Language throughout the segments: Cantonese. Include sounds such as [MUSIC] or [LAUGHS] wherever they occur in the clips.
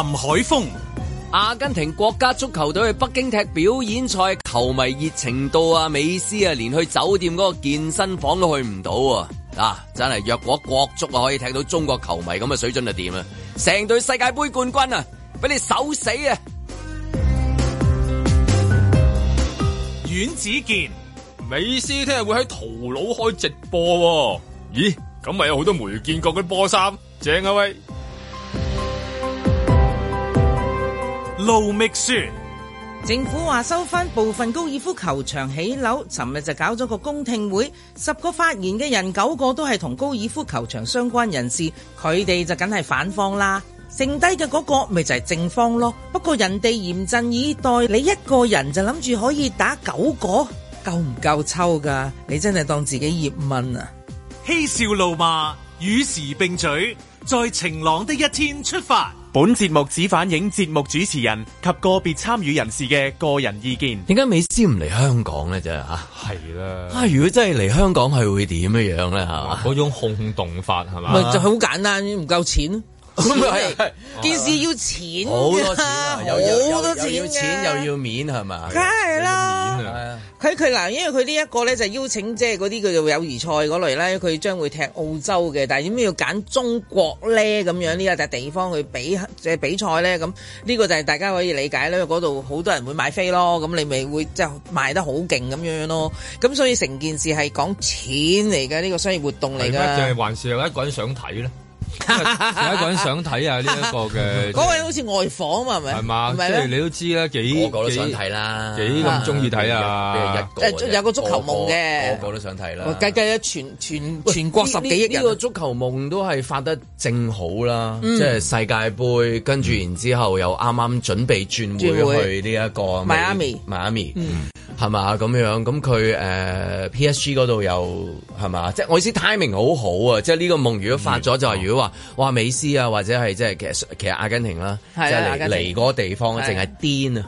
林海峰，阿根廷國家足球隊去北京踢表演賽，球迷熱情到啊，美斯啊連去酒店嗰個健身房都去唔到啊，啊！真係若果國足可以踢到中國球迷咁嘅水準就掂啦，啊，成隊世界杯冠軍啊，俾你手死啊！阮子健，美斯聽日會喺圖魯開直播，啊，咦？咁咪有好多梅見國嗰啲波衫，正啊喂！盧覓雪，政府話收翻部分高爾夫球場起樓，尋日就搞咗個公聽會，十個發言嘅人九個都係同高爾夫球場相關人士，佢哋就梗係反方啦，剩低嘅嗰個咪就係正方咯。不過人哋嚴陣以待，你一個人就諗住可以打九個，夠唔夠抽噶？你真係當自己葉問啊！嬉笑怒罵與時並舉，在晴朗的一天出發。本節目只反映節目主持人及個別參與人士嘅個人意見。點解美斯唔嚟香港咧？啫吓，係啦。啊，如果真係嚟香港，係會點樣咧？吓，嗰種控動法係嘛，咪就好簡單，唔夠錢。咁係，件 [LAUGHS] 事要錢，好多錢啊，好 [LAUGHS] 要多錢、啊，要錢又要面，係咪？梗係啦，佢佢嗱，因為佢呢一個咧就邀請，即係嗰啲叫做友誼賽嗰類咧，佢將會踢澳洲嘅，但係點解要揀中國咧？咁樣呢一笪地方去比即係、嗯、比賽咧？咁呢個就係大家可以理解啦。因為嗰度好多人會買飛咯，咁你咪會即係賣得好勁咁樣咯。咁所以成件事係講錢嚟嘅，呢、呢個商業活動嚟嘅。定係還是有一個人想睇咧？有一個人想睇下呢一個嘅嗰位好似外訪啊嘛，係咪？係嘛，你都知啦，幾個都想睇啦，幾咁中意睇啊！即係有個足球夢嘅，個個都想睇啦。計計啊，全全全國十幾億人呢個足球夢都係發得正好啦，即係世界盃，跟住然之後又啱啱準備轉會去呢一個。邁阿密，邁阿密。係嘛，咁樣，咁佢誒 P S G 嗰度又係嘛？即係我意思 timing 好好啊！即係呢個夢如果發咗就係，如果話哇美斯啊，或者係，即係其實阿根廷啦，即係嚟嚟嗰地方淨係癲啊！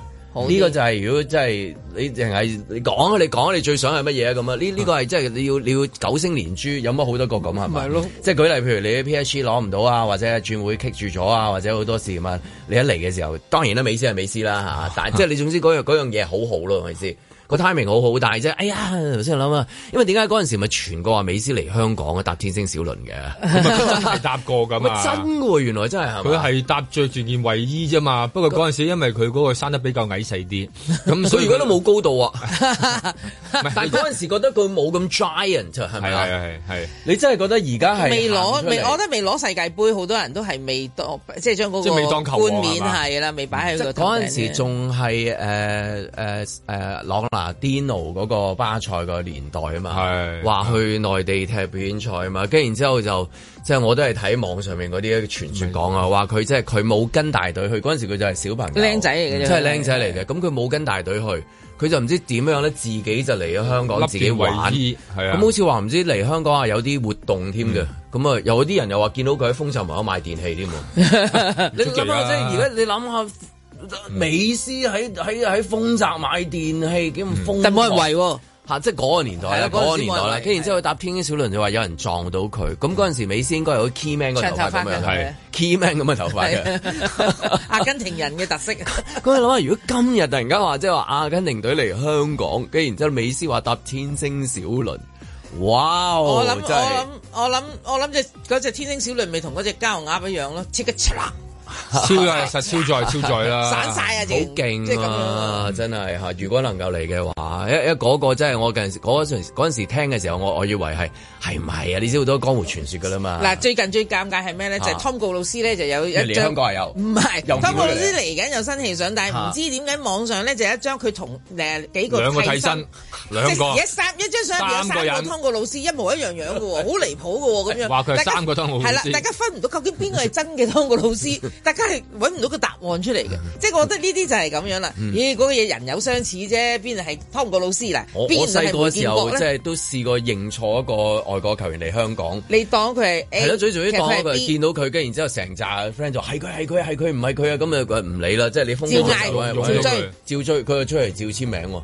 呢個就係，如果即係你淨係講你講你最想係乜嘢啊咁啊？呢呢個係即係你要你要九星連珠有乜好多個咁係咪？即係舉例譬如你喺 P S G 攞唔到啊，或者轉會棘住咗啊，或者好多事咁啊！你一嚟嘅時候當然啦，美斯係美斯啦嚇，但係即係你總之嗰樣嘢好好咯，我意思。個 timing 好好，但係啫。哎呀，頭先諗啊，因為點解嗰陣時咪傳過話美斯嚟香港嘅搭天星小輪嘅， [LAUGHS] [LAUGHS] 真係搭過噶嘛？真嘅喎，原來真係，佢係搭著住件衞衣啫嘛。 [LAUGHS] 不過嗰陣時，因為佢嗰個生得比較矮細啲，咁所以而家都冇高度啊。 [LAUGHS] [LAUGHS] 但係嗰陣時覺得佢冇咁 giant，係咪啊？係係係。你真係覺得而家係未攞？未，我都未攞世界盃，好多人都係未當，即係將嗰個冠冕係啦，未擺喺個。嗰陣時仲係誒誒誒，朗啊，Dino 嗰個巴塞個年代啊嘛，話去內地踢表演賽啊嘛，跟住然之後就即係我都係睇網上面嗰啲傳説講啊，話佢即係佢冇跟大隊去，嗰陣時佢就係小朋友，僆仔嚟嘅，即係僆仔嚟嘅，咁佢冇跟大隊去，佢就唔知點樣樣咧，自己就嚟咗香港自己玩，咁好似話唔知嚟香港啊有啲活動添嘅，咁啊有啲人又話見到佢喺風順門口買電器添喎，你諗下即係而家你諗下。美斯喺喺喺豐澤買電器，咁風，但係冇人圍吓，即係嗰個年代啦，嗰個年代啦。跟住然之後佢搭天星小輪就話有人撞到佢，咁嗰陣時美斯應該係 key man 個頭髮咁樣，key man 咁嘅頭髮嘅，阿根廷人嘅特色。咁你諗下，如果今日突然間話即係話阿根廷隊嚟香港，跟住然之後美斯話搭天星小輪，哇我諗我諗我諗我諗隻隻天星小輪咪同嗰隻膠鴨一樣咯，即刻。超在實，超在超在啦，散晒啊，自己勁啊，真係吓！如果能夠嚟嘅話，一一嗰個真係我嗰陣時陣時陣時聽嘅時候，我我以為係係唔係啊？你知好多江湖傳說噶啦嘛。嗱，最近最尷尬係咩咧？就係湯告老師咧，就有一張嚟香港有，唔係，湯告老師嚟緊有新氣相，但係唔知點解網上咧就一張佢同誒幾個兩個替身，兩個一三一張相，三個湯告老師一模一樣樣嘅喎，好離譜嘅喎，咁樣話佢三個湯告老師係啦，大家分唔到究竟邊個係真嘅湯告老師。大家係揾唔到個答案出嚟嘅，即係我覺得呢啲就係咁樣啦。咦，嗰個嘢人有相似啫，邊度係湯國老師嗱？我細個嘅時候，即係都試過認錯一個外國球員嚟香港。你當佢係係咯，最最啲當佢見到佢跟然之後成扎 friend 就係佢係佢係佢唔係佢咁啊！佢唔理啦，即係你封波。照追，照追，佢出嚟照簽名。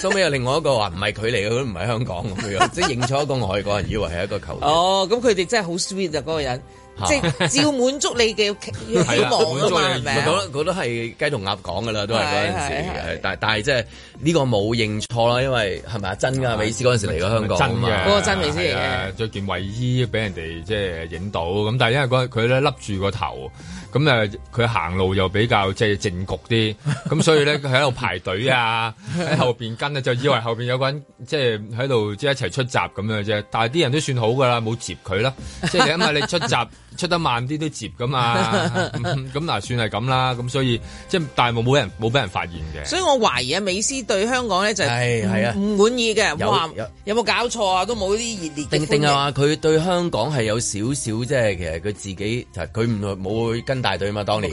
收尾有另外一個話唔係佢嚟嘅，佢唔係香港咁樣，即係認錯一個外國人，以為係一個球員。哦，咁佢哋真係好 sweet 啊！嗰個人。即係照滿足你嘅，希望啊嘛。佢都佢都係雞同鴨講嘅啦，都係嗰陣時。但但係即係呢個冇認錯啦，因為係咪啊？真㗎，美斯嗰陣時嚟過香港。真嘅。嗰個真美斯嚟嘅，着件衞衣俾人哋即係影到，咁但係因為佢佢咧笠住個頭。咁啊佢行路又比較即係靜局啲，咁 [LAUGHS] 所以咧佢喺度排隊啊，喺後邊跟啊就以為後邊有個人即係喺度即係一齊出閘咁樣啫。但係啲人都算好噶啦，冇接佢啦，即係因為你出閘 [LAUGHS] 出得慢啲都接噶嘛。咁嗱、 [LAUGHS] 嗯、算係咁啦，咁所以即係但係冇冇人冇俾人發現嘅。所以我懷疑啊，美斯對香港咧就係係啊唔滿意嘅。有有冇搞錯啊？都冇啲熱烈。定定係話佢對香港係有少少即係其實佢自己就佢唔冇去跟大大隊嘛，當年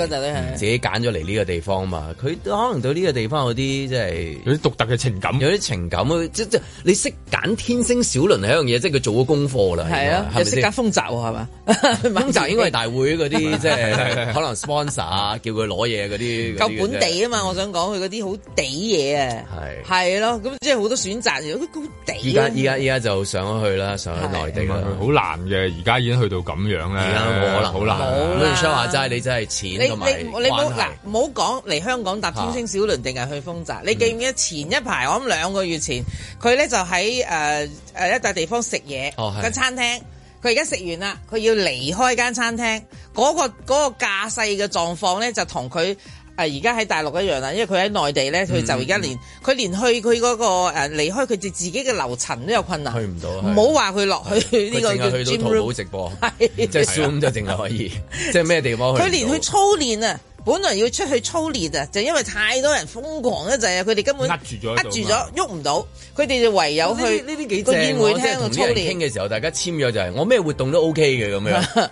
自己揀咗嚟呢個地方嘛，佢可能對呢個地方有啲即係有啲獨特嘅情感，有啲情感啊！即即你識揀天星小輪係一樣嘢，即係佢做咗功課啦。係啊，又識揀豐澤係嘛？豐澤應該係大會嗰啲，即係可能 sponsor 啊，叫佢攞嘢嗰啲，夠本地啊嘛！我想講佢嗰啲好抵嘢啊，係係咯，咁即係好多選擇，而家而家而家就上咗去啦，上咗內地好難嘅，而家已經去到咁樣咧，好難。我唔想話齋。你真係錢你埋運行。唔好講嚟香港搭天星小輪定係去豐澤。啊、你記唔記得前一排？我諗兩個月前，佢咧、嗯、就喺誒誒一笪地方食嘢嘅餐廳。佢而家食完啦，佢要離開間餐廳。嗰、那個嗰、那個駕駛嘅狀況咧，就同佢。誒而家喺大陸一樣啦，因為佢喺內地咧，佢就而家連佢連去佢嗰個誒離開佢自自己嘅樓層都有困難，去唔到。唔好話佢落去呢個。佢淨係去到淘寶直播，係就少就淨係可以，即係咩地方去？佢連去操練啊，本來要出去操練啊，就因為太多人瘋狂一陣啊，佢哋根本扼住咗，喐唔到，佢哋就唯有去呢啲幾正。我同人傾嘅時候，大家簽約就係我咩活動都 OK 嘅咁樣。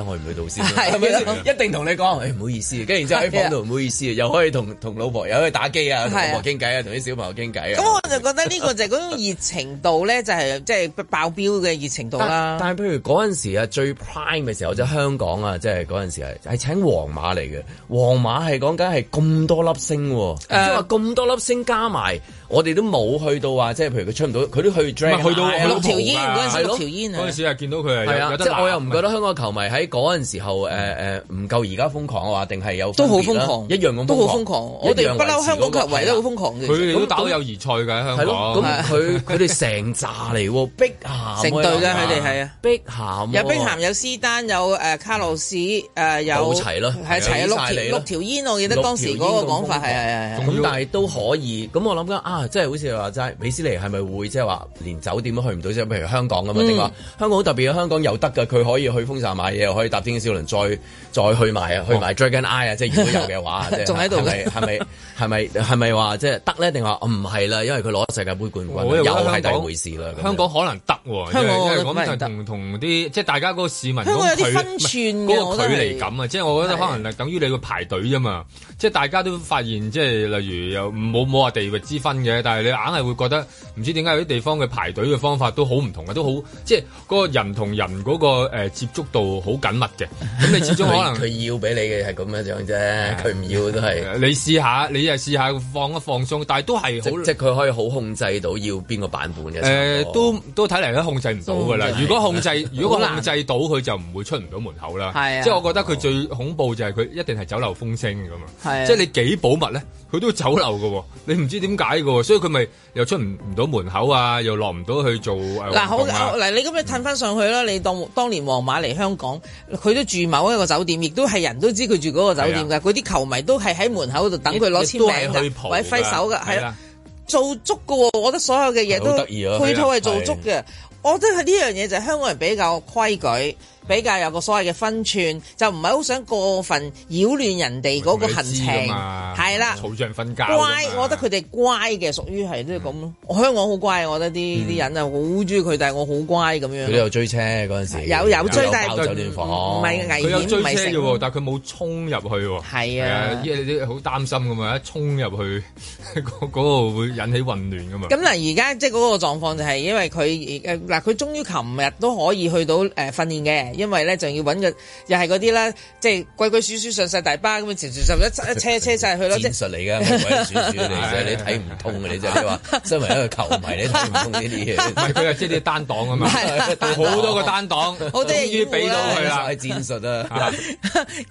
係我唔去到先，係咪的一定同你講，哎，唔好意思，跟住然之後喺房度唔好意思，又可以同同老婆又可以打機啊，同老婆傾偈啊，同啲的小朋友傾偈啊。咁的我就覺得呢個就係嗰種熱情度咧， [LAUGHS] 就係即係爆表嘅熱情度啦。但係譬如嗰陣時啊，最 prime 嘅時候就香港啊，即係嗰陣時係係請皇馬嚟嘅，皇馬係講緊係咁多粒星，即係話咁多粒星加埋。我哋都冇去到話，即係譬如佢出唔到，佢都去。唔去到六條煙嗰陣時，六條煙啊！嗰陣時係見到佢係。我又唔覺得香港球迷喺嗰陣時候誒誒唔夠而家瘋狂嘅話定係有都好瘋狂，一樣咁都好瘋狂。我哋不嬲香港球迷都好瘋狂嘅。佢哋都打友誼賽㗎香港。係咯，咁佢佢哋成站嚟喎，碧鹹成隊㗎，佢哋係啊。碧鹹有碧鹹有斯丹有誒卡洛斯誒有。都齊咯，係六條六條煙，我記得當時嗰個講法係咁但係都可以，咁我諗緊啊。即係好似話齋，美斯尼係咪會即係話連酒店都去唔到啫？譬如香港咁啊，定話香港好特別啊？香港有得㗎，佢可以去風沙買嘢，又可以搭天星小輪再再去埋啊，去埋 Dragon Eye 啊，即係如果有嘅話，即係仲喺度係咪？係咪係咪係咪話即係得呢？定話唔係啦？因為佢攞世界杯冠軍，又係第二回事啦。香港可能得，香港同同啲即係大家嗰個市民，香港有啲分寸嘅，嗰個距離感啊，即係我覺得可能係等於你個排隊啫嘛。即係大家都發現，即係例如又冇冇話地域之分嘅。但係你硬係會覺得唔知點解有啲地方嘅排隊嘅方法都好唔同嘅，都好即係嗰個人同人嗰個誒接觸度好緊密嘅。咁你始終可能佢要俾你嘅係咁樣樣啫，佢唔要都係。你試下，你又試下放一放鬆，但係都係好即係佢可以好控制到要邊個版本嘅。誒，都都睇嚟，咧控制唔到噶啦。如果控制如果控制到佢就唔會出唔到門口啦。即係我覺得佢最恐怖就係佢一定係走漏風聲噶嘛。即係你幾保密咧，佢都走漏噶。你唔知點解噶。所以佢咪又出唔唔到門口啊，又落唔到去做、啊。嗱好嗱，你咁你褪翻上去啦！你當當年皇馬嚟香港，佢都住某一個酒店，亦都係人都知佢住嗰個酒店噶。嗰啲的球迷都係喺門口度等佢攞簽名噶，去或者揮手噶，係啊的，的做足噶。我覺得所有嘅嘢都配套係做足嘅。我覺得係呢樣嘢就係香港人比較規矩。比較有個所謂嘅分寸，就唔係好想過分擾亂人哋嗰個行程，係啦。吵住人瞓覺乖，我覺得佢哋乖嘅，屬於係都係咁咯。香港好乖，我覺得啲啲人啊好中意佢，但係我好乖咁樣。佢都有追車嗰陣時，有有追，但係就酒店唔係危險，佢但佢冇衝入去喎。係啊，因為啲好擔心噶嘛，一衝入去嗰嗰個會引起混亂噶嘛。咁嗱，而家即係嗰個狀況就係因為佢誒嗱，佢終於琴日都可以去到誒訓練嘅。因為咧，就要揾個，又係嗰啲啦，即係鬼鬼祟祟上晒大巴咁，前十一車車晒去咯。戰術嚟噶，唔係鬼鬼祟祟嚟嘅，你睇唔通嘅你真係話，身為一個球迷你，你睇唔通呢啲嘢。佢係即係啲單檔啊嘛，好 [LAUGHS] 多個單檔，終於俾到佢啦。 [LAUGHS] 戰術啊，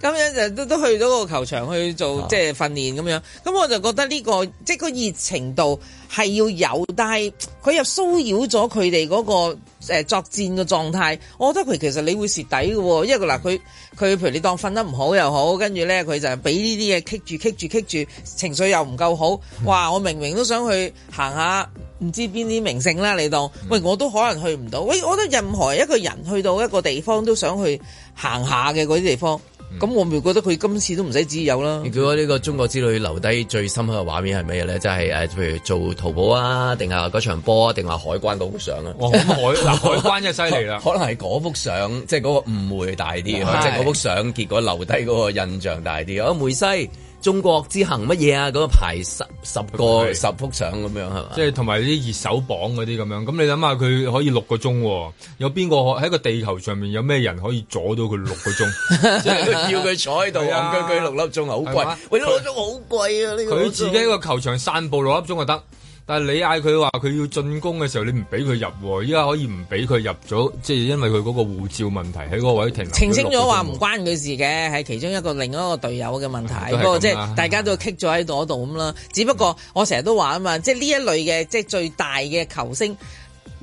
咁 [LAUGHS] [LAUGHS] 樣就都都去到個球場去做即係訓練咁樣。咁我就覺得呢、這個即係、就是、個熱情度係要有，但係佢又騷擾咗佢哋嗰個。誒作戰嘅狀態，我覺得佢其實你會蝕底嘅喎，因為嗱佢佢譬如你當瞓得唔好又好，跟住呢，佢就俾呢啲嘢棘住棘住棘住，情緒又唔夠好，哇！我明明都想去行下唔知邊啲名勝啦，你當喂我都可能去唔到，喂！我覺得任何一個人去到一個地方都想去行下嘅嗰啲地方。咁、嗯、我咪覺得佢今次都唔使自由啦。如果呢個中國之旅留低最深刻嘅畫面係咩嘢咧？即係誒，譬、呃、如做淘寶啊，定係嗰場波，啊，定係海關嗰幅相啊？海 [LAUGHS] 海關真係犀利啦！ [LAUGHS] 可能係嗰幅相，即係嗰個誤會大啲，即係嗰幅相結果留低嗰個印象大啲。啊，梅西！中國之行乜嘢啊？嗰、嗰個排十十個對十幅相咁樣係嘛？即係同埋啲熱手榜嗰啲咁樣。咁你諗下佢可以六個鐘、哦，有邊個喺個地球上面有咩人可以阻到佢六個鐘？ [LAUGHS] 即係叫佢坐喺度，講佢句六粒鐘好貴，喂，六粒鐘好貴啊！呢個佢、啊、自己個球場散步六粒鐘就得。但係你嗌佢話佢要進攻嘅時候你、喔，你唔俾佢入，依家可以唔俾佢入咗，即係因為佢嗰個護照問題喺嗰個位停。澄清咗話唔關佢事嘅，係其中一個另一個隊友嘅問題，啊、不過即係大家都棘咗喺嗰度咁啦。 [LAUGHS] 只不過我成日都話啊嘛，即係呢一類嘅即係最大嘅球星。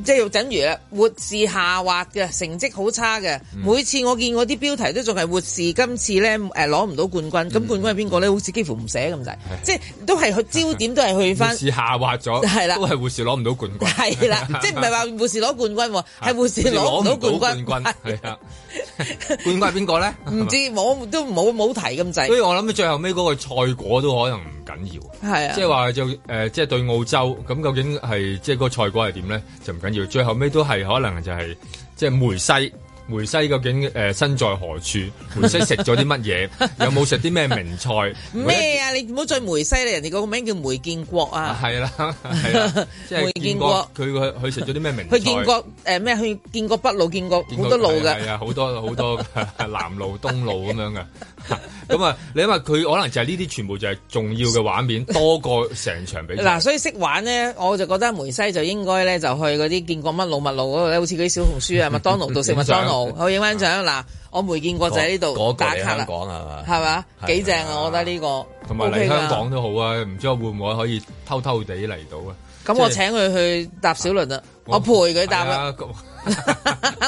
即係要等如啦，活士下滑嘅成績好差嘅。每次我見嗰啲標題都仲係活士，今次咧誒攞唔到冠軍。咁冠軍係邊個咧？好似幾乎唔寫咁滯，即係都係去焦點都係去返。活士下滑咗，係啦，都係活士攞唔到冠軍。係啦，即係唔係話活士攞冠軍喎？係活士攞唔到冠軍。冠軍係邊個咧？唔知，我都冇冇提咁滯。所以我諗，最後尾嗰個賽果都可能唔緊要。係啊，即係話就誒，即係對澳洲咁究竟係即係個賽果係點咧？就唔最後尾都係可能就係即係梅西，梅西究竟誒、呃、身在何處？梅西食咗啲乜嘢？ [LAUGHS] 有冇食啲咩名菜？咩啊？一你唔好再梅西啦！人哋個名叫梅建國啊！係啦，係啦，梅建國。佢個佢食咗啲咩名菜？佢建國誒咩？去建國北路、建國好多路嘅，係 [LAUGHS] 啊，好多好多,多,多南路、東路咁樣噶。 [LAUGHS] [LAUGHS] [LAUGHS] 咁啊， [LAUGHS] [LAUGHS] 你因為佢可能就係呢啲，全部就係重要嘅畫面， [LAUGHS] 多過成場比賽。嗱， [LAUGHS] 所以識玩咧，我就覺得梅西就應該咧就去嗰啲建國乜路乜路嗰度咧，好似嗰啲小紅書啊，麥當勞度食麥當勞，去影翻張。嗱，我梅建 [LAUGHS] 就喺呢度打卡啦，係嘛，幾正吧吧啊！我覺得呢、這個，同埋嚟香港都好啊，唔知我會唔會可以偷偷，偷地嚟到啊？咁我請佢去搭小輪啦，我陪佢搭啦，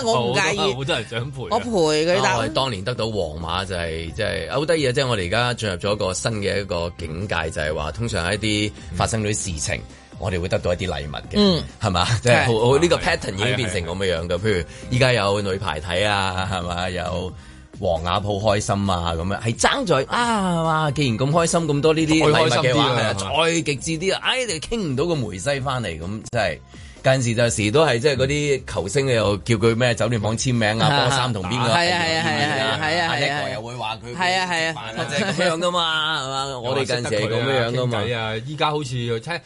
我唔介意。我真係想陪。我陪佢搭。當年得到皇馬就係即係好得意啊！即係我哋而家進入咗一個新嘅一個境界，就係話通常一啲發生咗啲事情，我哋會得到一啲禮物嘅，係嘛？即係好呢個 pattern 已經變成咁嘅樣㗎。譬如依家有女排睇啊，係咪？有。黃雅好開心啊，咁樣，係爭在啊哇！既然咁開心咁多呢啲禮物嘅話，再對極致啲啊！唉、哎，你傾唔到個梅西翻嚟咁，真係。近時就時都係即係嗰啲球星你又叫佢咩酒店房簽名啊，波衫同邊個？係啊係啊係啊係啊！又會話佢係啊係啊，即係咁樣噶嘛係嘛？我哋近時咁樣噶嘛？依家好似又唔係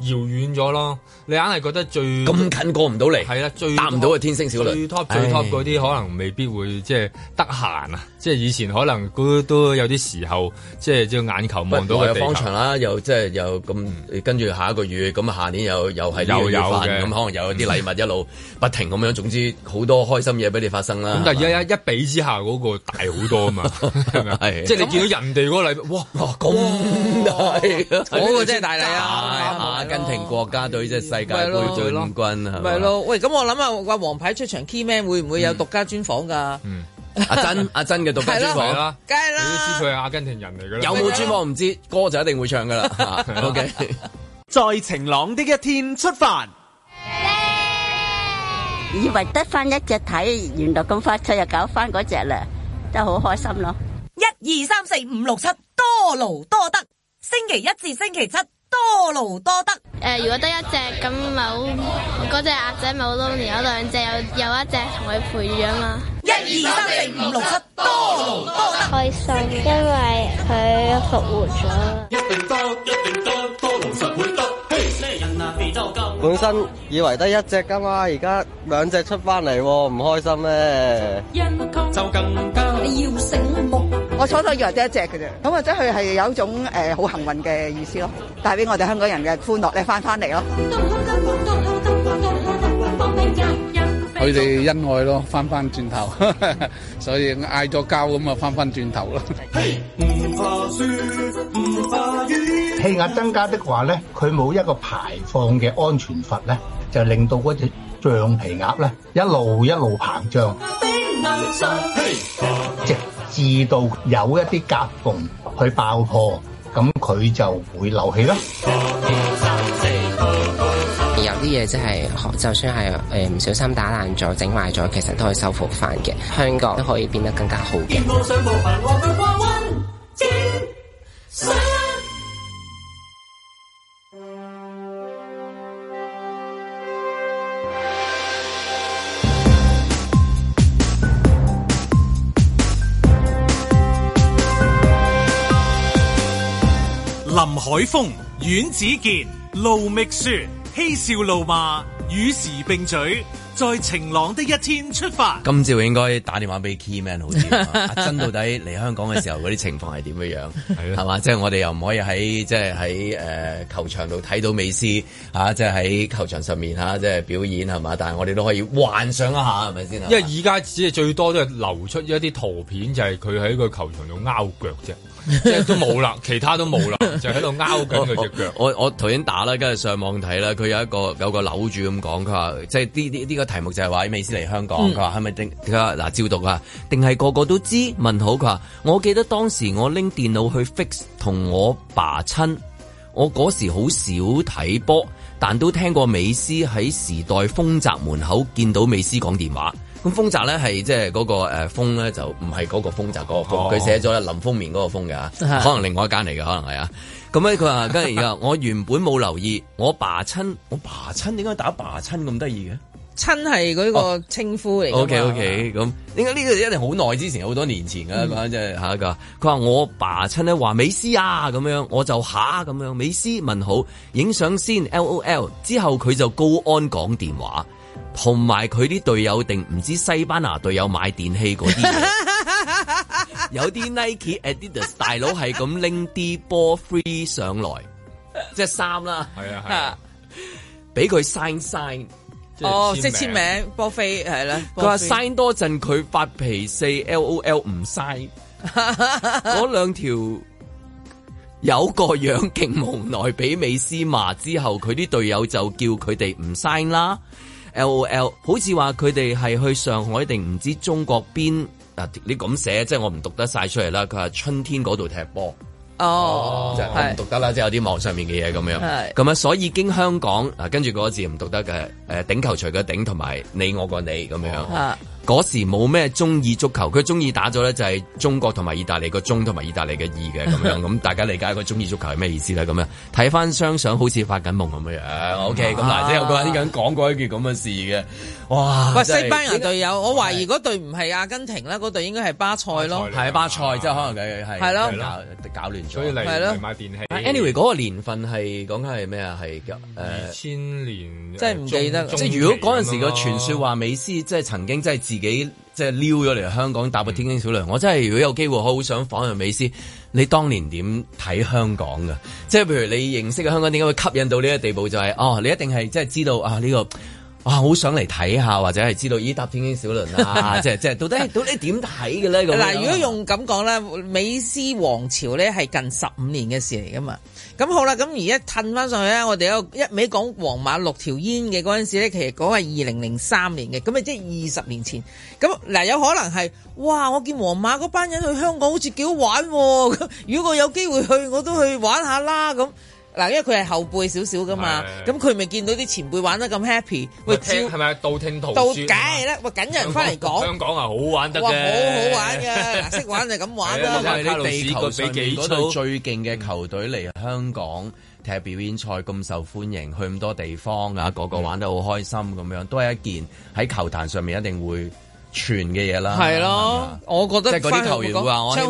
遙遠咗咯，你硬係覺得最咁近過唔到嚟係啦，最搭唔到嘅天星小輪最 top 最 top 嗰啲可能未必會即係得閒啊！即係以前可能都都有啲時候，即係隻眼球望到嘅。不，有方長啦，又即係又咁跟住下一個月，咁下年又又係呢有，咁，可能有啲禮物一路不停咁樣，總之好多開心嘢俾你發生啦。咁但係一一比之下，嗰個大好多啊嘛，係咪即係你見到人哋嗰個禮物，哇，咁大，嗰個真係大禮啊！阿根廷國家隊即係世界杯冠軍係咪咯？喂，咁我諗下話黃牌出場 K Man 會唔會有獨家專訪噶？阿珍，阿珍嘅獨白專訪啦，梗係啦，你都知佢係阿根廷人嚟噶啦。有冇專訪唔知，歌就一定會唱噶啦。O K，在晴朗的一天出發，以為得翻一隻睇，原來咁快七日搞翻嗰隻真係都好開心咯。一二三四五六七，多勞多得，星期一至星期七。多勞多得。誒、呃，如果得一隻咁咪嗰隻鴨仔咪好多年，有兩隻，有有一隻同佢培養啊。一二三四五六七，多勞多得。開心，因為佢復活咗。一定得，一定得，多勞實會。本身以為得一隻噶嘛，而家兩隻出翻嚟喎，唔開心咩？就更加要醒目。我初初以為得一隻嘅啫，咁或者佢係有一種誒好幸運嘅意思咯，帶俾我哋香港人嘅歡樂咧，翻翻嚟咯。佢哋恩愛咯，翻翻轉頭，所以嗌咗交咁啊，翻翻轉頭咯。氣壓增加的話咧，佢冇一個排放嘅安全閥咧，就令到嗰隻橡皮鴨咧一路一路膨脹，直至到有一啲夾縫去爆破，咁佢就會漏氣囉。有啲嘢真係，就算係誒唔小心打爛咗、整壞咗，其實都可以修復翻嘅。香港都可以變得更加好嘅。海風、阮子健、盧覓雪，嬉笑怒罵，與時並舉。在晴朗的一天出發。今朝應該打電話俾 Key Man，好似阿珍到底嚟香港嘅時候，嗰啲情況係點嘅樣？係嘛，即係我哋又唔可以喺即係喺誒球場度睇到美斯吓，即係喺球場上面吓、啊，即係表演係嘛？但係我哋都可以幻想一下，係咪先啊？因為而家只係最多都係流出一啲圖片，就係佢喺個球場度拗腳啫。 [LAUGHS] 即係都冇啦，其他都冇啦， [LAUGHS] 就喺度拗佢隻腳。我我頭先打啦，跟住上網睇啦，佢有一個有一個樓主咁講，佢話即係呢啲呢個題目就係話美斯嚟香港，佢話係咪定嗱，照讀啊？定係個個都知？問好，佢話我記得當時我拎電腦去 fix 同我爸親，我嗰時好少睇波，但都聽過美斯喺時代豐澤門口見到美斯講電話。咁風澤咧係即係嗰個誒、呃、風咧就唔係嗰個風澤嗰、那個風，佢、哦、寫咗林風眠嗰個風嘅可能另外一間嚟嘅可能係啊。咁咧佢話跟住而家， [LAUGHS] 我原本冇留意，我爸親，我爸親點解打爸親咁得意嘅？親係嗰個稱呼嚟。嘅、哦。O K O K 咁應該呢個一定好耐之前，好多年前嘅啦，即係下一個。佢話、啊、我爸親咧話美斯啊咁樣，我就嚇咁、啊、樣美斯問好，影相先 L O L 之後佢就高安講電話。同埋佢啲隊友定唔知西班牙隊友買電器嗰啲 [LAUGHS] 有啲 Nike、Adidas 大佬係咁拎啲波 free 上來，即係衫啦，係啊 [LAUGHS] ，俾佢 sign sign，哦，即係簽名波飛係啦，佢話 sign 多陣佢發脾四，L O L 唔 sign，嗰兩條有個樣勁無奈，俾美斯罵之後，佢啲隊友就叫佢哋唔 sign 啦。L O L，好似話佢哋係去上海定唔知中國邊啊？你咁寫即係我唔讀得晒出嚟啦。佢話春天嗰度踢波，oh, 哦，即係我唔讀得啦，是即係有啲網上面嘅嘢咁樣。咁啊是，所以經香港啊，跟住嗰個字唔讀得嘅，誒、啊、頂球除嘅頂同埋你我個你咁樣。Oh, 嗰時冇咩中意足球，佢中意打咗咧就係中國同埋意大利個中同埋意大利嘅意嘅咁樣，咁大家理解個中意足球係咩意思咧？咁、okay, 啊，睇翻雙相好似發緊夢咁嘅樣，OK，咁嗱，即有個人講過一件咁嘅事嘅。哇！喂，西班牙隊友，我懷疑嗰隊唔係阿根廷啦，嗰隊應該係巴塞咯。係巴塞，即係可能佢係係咯搞搞亂咗。係咯，買電器。Anyway，嗰個年份係講緊係咩啊？係誒千年，即係唔記得。即係如果嗰陣時個傳説話，美斯、啊、即係曾經即係自己即係溜咗嚟香港搭過天星小輪。嗯、我真係如果有機會，好想訪問美斯。你當年點睇香港嘅？即係譬如你認識嘅香港點解會吸引到呢個地步？就係、是、哦，你一定係即係知道啊呢、這個。哇！好、哦、想嚟睇下，或者係知道咦，搭天星小輪啦、啊， [LAUGHS] 即係即係到底係到底點睇嘅咧？嗱，如果用咁講咧， [LAUGHS] 美斯王朝咧係近十五年嘅事嚟噶嘛？咁好啦，咁而家褪翻上去咧，我哋有一味講皇馬六條煙嘅嗰陣時咧，其實講係二零零三年嘅，咁啊即係二十年前。咁嗱有可能係哇！我見皇馬嗰班人去香港好似幾好玩喎， [LAUGHS] 如果我有機會去，我都去玩下啦咁。嗱，因為佢係後輩少少㗎嘛，咁佢咪見到啲前輩玩得咁 happy，喂的，照係咪？是是道聽途說，道解，係喂，緊有人翻嚟講。香港啊，好玩得，哇，好好玩嘅，嗱，識玩就咁玩啦。你地球上嗰隊最勁嘅球隊嚟香港踢表演賽咁受歡迎，去咁多地方啊，個個玩得好開心咁樣，都係一件喺球壇上面一定會。全嘅嘢啦的，係咯、嗯，我覺得即係嗰啲球員會話我啲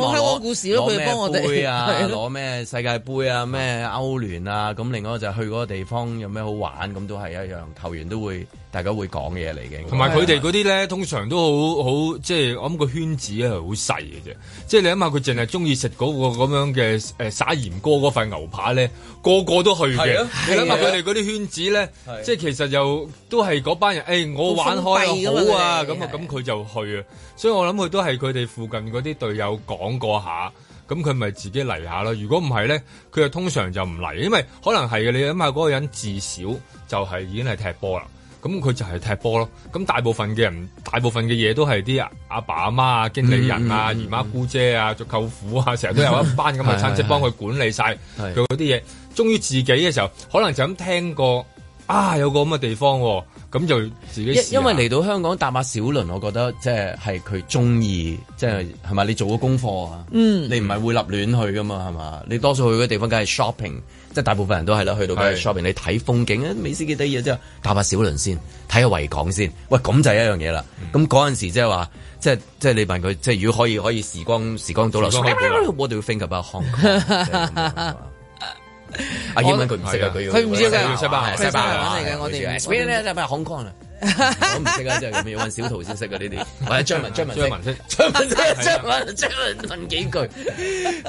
攞攞咩杯啊，攞咩 [LAUGHS] 的世界盃啊，咩歐聯啊，咁另外就去嗰個地方有咩好玩，咁都係一樣，球員都會。大家會講嘢嚟嘅，同埋佢哋嗰啲咧，是的 通常都好好，即係我諗個圈子係好細嘅啫。即係你諗下、那個，佢淨係中意食嗰個咁樣嘅誒灑鹽哥嗰塊牛扒咧，個個都去嘅。你諗下佢哋嗰啲圈子咧，是的 即係其實又都係嗰班人。誒的、欸，我玩開好啊，咁啊，咁佢就，是的 就去啊。所以我諗佢都係佢哋附近嗰啲隊友講過下，咁佢咪自己嚟下咯。如果唔係咧，佢就通常就唔嚟，因為可能係嘅。你諗下嗰個人至少就係已經係踢波啦。咁佢就係踢波咯，咁大部分嘅人，大部分嘅嘢都係啲阿爸阿媽啊、經理人啊、嗯嗯、姨媽姑姐啊、嗯、做舅父啊，成日都有一班咁嘅親戚幫佢管理晒佢嗰啲嘢。終於自己嘅時候，可能就咁聽過啊，有個咁嘅地方，咁就自己因。因為嚟到香港搭下小輪，我覺得即係係佢中意，即係係咪？你做咗功課啊，嗯，你唔係會立亂去噶嘛，係嘛？你多數去嘅地方梗係 shopping。即係大部分人都係啦，去到 shopping 你睇風景啊，美斯幾得意之後，搭下小輪先，睇下維港先。喂，咁就係一樣嘢啦。咁嗰陣時即係話，即係即係你問佢，即係如果可以可以時光時光倒流，我哋要 think about 香港。阿英文佢唔識啊，佢唔知嘅，佢係西班牙，佢係西班牙文嚟嘅，我哋俾我唔識啊，即係咁要問小圖先識啊。呢啲，或者張文張文張文先，張文先張文張文問幾句。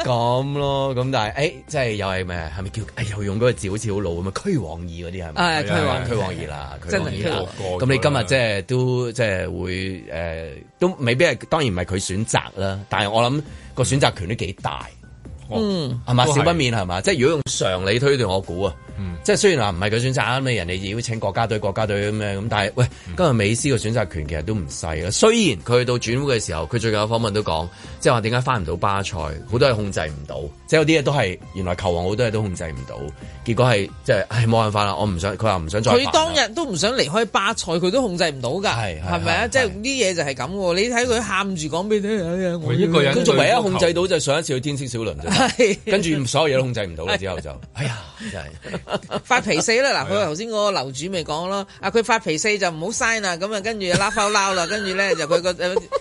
咁咯，咁但係誒，即係又係咩？係咪叫？又用嗰個字好似好老咁啊？屈王二嗰啲係咪？係屈王屈王二啦，屈王二啦。咁你今日即係都即係會誒，都未必係。當然唔係佢選擇啦，但係我諗個選擇權都幾大。嗯，係嘛，少不免係嘛。即係如果用常理推斷，我估啊。嗯、即係雖然話唔係佢選擇咁咩，人哋要請國家隊國家隊咁樣咁，但係喂，今日美斯個選擇權其實都唔細咯。雖然佢到轉會嘅時候，佢最近有訪問都講，即係話點解翻唔到巴塞，好多嘢控制唔到，即係有啲嘢都係原來球王好多嘢都控制唔到，結果係即係唉冇辦法啦，我唔想佢話唔想再。佢當日都唔想離開巴塞，佢都控制唔到㗎，係咪啊？即係啲嘢就係咁喎。你睇佢喊住講俾你聽，我一個人都唯一控制到就上一次去天星小輪啫，跟住所有嘢都控制唔到啦，之後就哎呀真係。發脾氣啦，嗱，佢頭先嗰個樓主咪講咯，啊，佢發脾氣就唔好 sign 啦，咁啊，跟住拉 foul 撈啦，跟住咧就佢個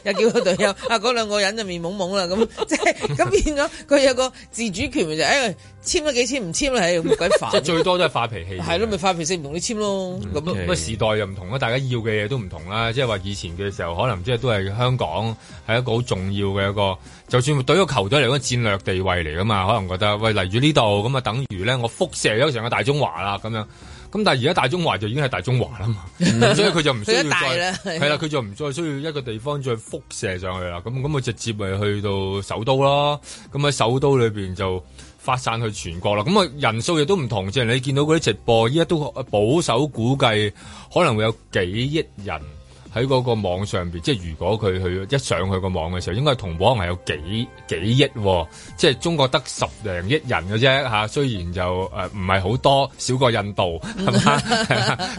又叫個隊友，啊，嗰兩個人就面懵懵啦，咁即係咁變咗佢有個自主權，哎簽簽簽哎，就誒簽咗幾簽唔簽啦，唉，咁鬼煩。最多都係發脾氣。係咯，咪發脾氣唔同你簽咯。咁乜時代又唔同啊，大家要嘅嘢，都唔同啦，即係話以前嘅時候可能即係都係香港係一個好重要嘅一個。就算對個球隊嚟講戰略地位嚟噶嘛，可能覺得喂嚟住呢度咁啊，等於咧我輻射咗成個大中華啦咁樣。咁但係而家大中華就已經係大中華啦嘛，嗯、所以佢就唔需要再係啦，佢就唔再需要一個地方再輻射上去啦。咁咁咪直接咪去到首都咯。咁啊首都裏邊就發散去全國啦。咁啊人數亦都唔同，即係你見到啲直播依家都保守估計可能會有幾億人。喺嗰個網上邊，即係如果佢去一上佢個網嘅時候，應該係同步可能有幾幾億、哦，即係中國得十零億人嘅啫嚇。雖然就誒唔係好多，少過印度係嘛。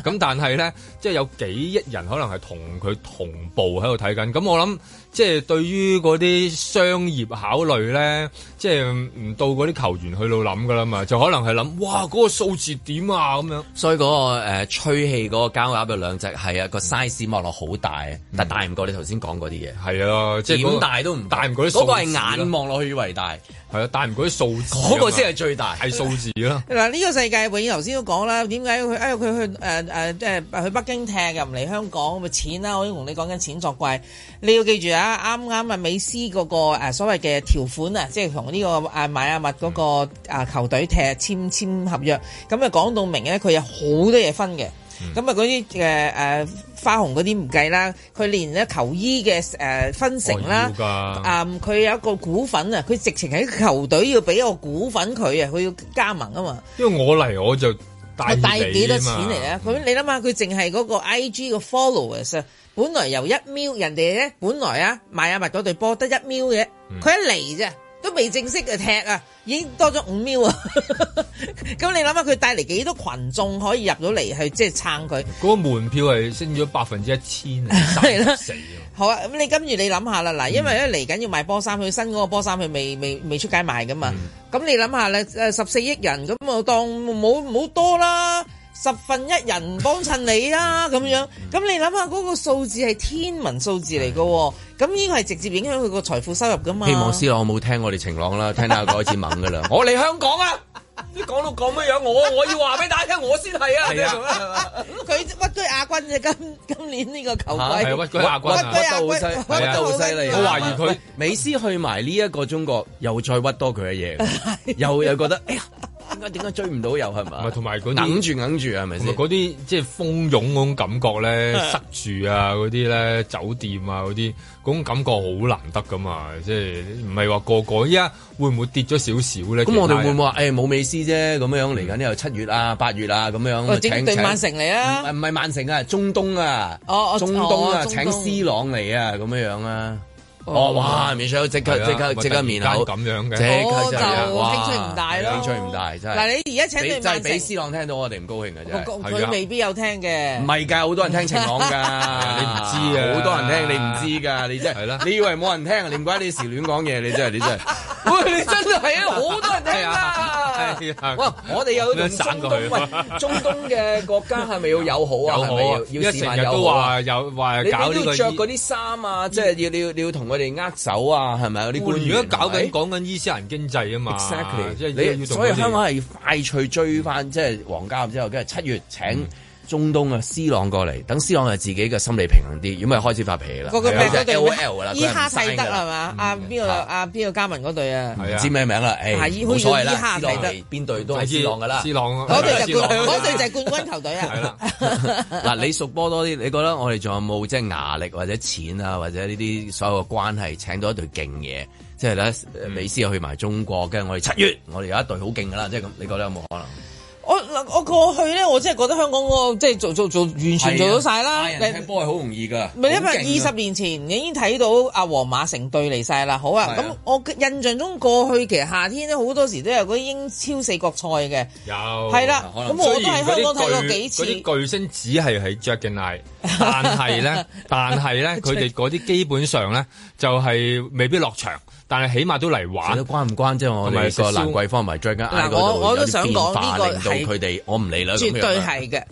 咁 [LAUGHS] [LAUGHS] 但係咧，即係有幾億人可能係同佢同步喺度睇緊。咁、嗯、我諗即係對於嗰啲商業考慮咧，即係唔到嗰啲球員去到諗㗎啦嘛，就可能係諗哇嗰、嗰個數字點啊咁樣。所以嗰、嗰個吹、呃、氣嗰個膠鈿兩隻係一個 size 落嚟 [MUSIC] 好大，但大唔過你頭先講嗰啲嘢，係啊，即、就、係、是那個、大都唔大唔過嗰個係眼望落去以為大，係啊，大唔過啲數字，嗰 [LAUGHS] 個先係最大，係數字咯。嗱，呢個世界，頭先都講啦，點解佢？因、哎、佢去誒誒，即、呃、係、呃呃、去北京踢又唔嚟，香港咪錢啦？我已經同你講緊錢作怪，你要記住啊！啱啱、就是這個、啊，美斯嗰個誒所謂嘅條款啊，即係同呢個誒邁阿密嗰個誒球隊踢簽簽合約，咁啊講到明咧，佢有好多嘢分嘅。咁啊，嗰啲誒誒花紅嗰啲唔計啦，佢連咧球衣嘅誒、呃、分成啦，嗯，佢有一個股份啊，佢直情喺球隊要俾個股份佢啊，佢要加盟啊嘛。因為我嚟我就帶幾多錢嚟咧、啊，咁、嗯、你諗下，佢淨係嗰個 I G 個 followers 啊，本來由一 mil 人哋咧，本來啊買阿、啊、買嗰、啊、對波得一 mil 嘅，佢、嗯、一嚟咋。都未正式嘅踢啊，已經多咗五秒啊！咁 [LAUGHS] 你諗下佢帶嚟幾多群眾可以入到嚟去即係撐佢？嗰個門票係升咗百分之一千零 [LAUGHS] 三四啊。 [LAUGHS] 好啊，咁你跟住你諗下啦，嗱，因為咧嚟緊要賣波衫，佢新嗰個波衫佢未未未出街賣㗎嘛，咁 [LAUGHS] 你諗下咧，十四億人咁我當冇冇多啦。十分一人幫襯你啦，咁樣，咁你諗下嗰個數字係天文數字嚟嘅，咁呢個係直接影響佢個財富收入嘅嘛。希望師奶冇聽我哋晴朗啦，聽下開始猛嘅啦。我嚟香港啊，你講到咁嘅樣，我我要話俾大家聽，我先係啊。係啊，佢屈居亞軍啫，今今年呢個球季係屈居亞軍，屈居亞軍，屈居亞軍啊，我懷疑佢美斯去埋呢一個中國，又再屈多佢嘅嘢，又又覺得哎呀。點解點解追唔到又係嘛？唔同埋嗰啲等住等住啊，係咪先？嗰啲即係蜂擁嗰種感覺咧，塞住啊，嗰啲咧，酒店啊，嗰啲，嗰種感覺好難得噶嘛，即係唔係話個個依家會唔會跌咗少少咧？咁我哋會唔會話誒，冇、欸、美斯啫？咁樣嚟緊呢度七月啊，八月啊咁樣，哦、請對請曼城嚟啊？唔係曼城啊，中東啊，哦、中東啊，請 C 朗嚟啊，咁樣樣啊。哦，哇！面相即刻即刻即刻面口咁樣嘅，哇！興趣唔大咯，興趣唔大真係。嗱，你而家請，就係俾思朗聽到我哋唔高興嘅啫。佢未必有聽嘅。唔係㗎，好多人聽情朗㗎，你唔知啊！好多人聽，你唔知㗎，你真係。你以為冇人聽，你唔怪你時亂講嘢，你真係，你真係。喂，你真係啊！好多人聽啊！哇，我哋有中東，唔係中東嘅國家係咪要友好啊？友好啊！一成日都話有話搞呢，你哋都著嗰啲衫啊，即係要要要同我哋握手啊，係咪啊啲官員？如果搞緊講緊伊斯蘭經濟啊嘛，Exactly. 即係是你。所以香港係快脆追翻，即係皇家之後，跟住七月請。嗯中東嘅 C 朗過嚟，等 C 朗係自己嘅心理平衡啲，如果咪係開始發脾氣啦。嗰個名嗰隊咩？LOL 啦，伊哈世德係嘛？阿邊個？阿邊個？加文嗰隊啊？知咩名啦？係伊去伊哈世德，邊隊都係 C 朗噶啦。C 朗嗰隊就冠，嗰隊就冠軍球隊啊。嗱，你熟波多啲，你覺得我哋仲有冇即係牙力或者錢啊，或者呢啲所有嘅關係，請到一隊勁嘢？即係咧，美斯去埋中國，跟住我哋七月，我哋有一隊好勁噶啦，即係咁，你覺得有冇可能？我我過去咧，我真係覺得香港個即係做做做完全做到晒啦。睇波係好容易㗎。咪因為二十年前已經睇到阿皇馬成隊嚟晒啦。好啊，咁我印象中過去其實夏天咧，好多時都有嗰啲英超四國賽嘅。有。係啦，咁我都喺香港睇過幾次。啲巨星只係喺度 jogging，但係咧，但係咧，佢哋嗰啲基本上咧就係未必落場。但係起碼都嚟玩，都關唔關，即係我哋個蘭桂坊，埋最近我我都想講呢個係佢哋，我唔化理啦，絕對係嘅。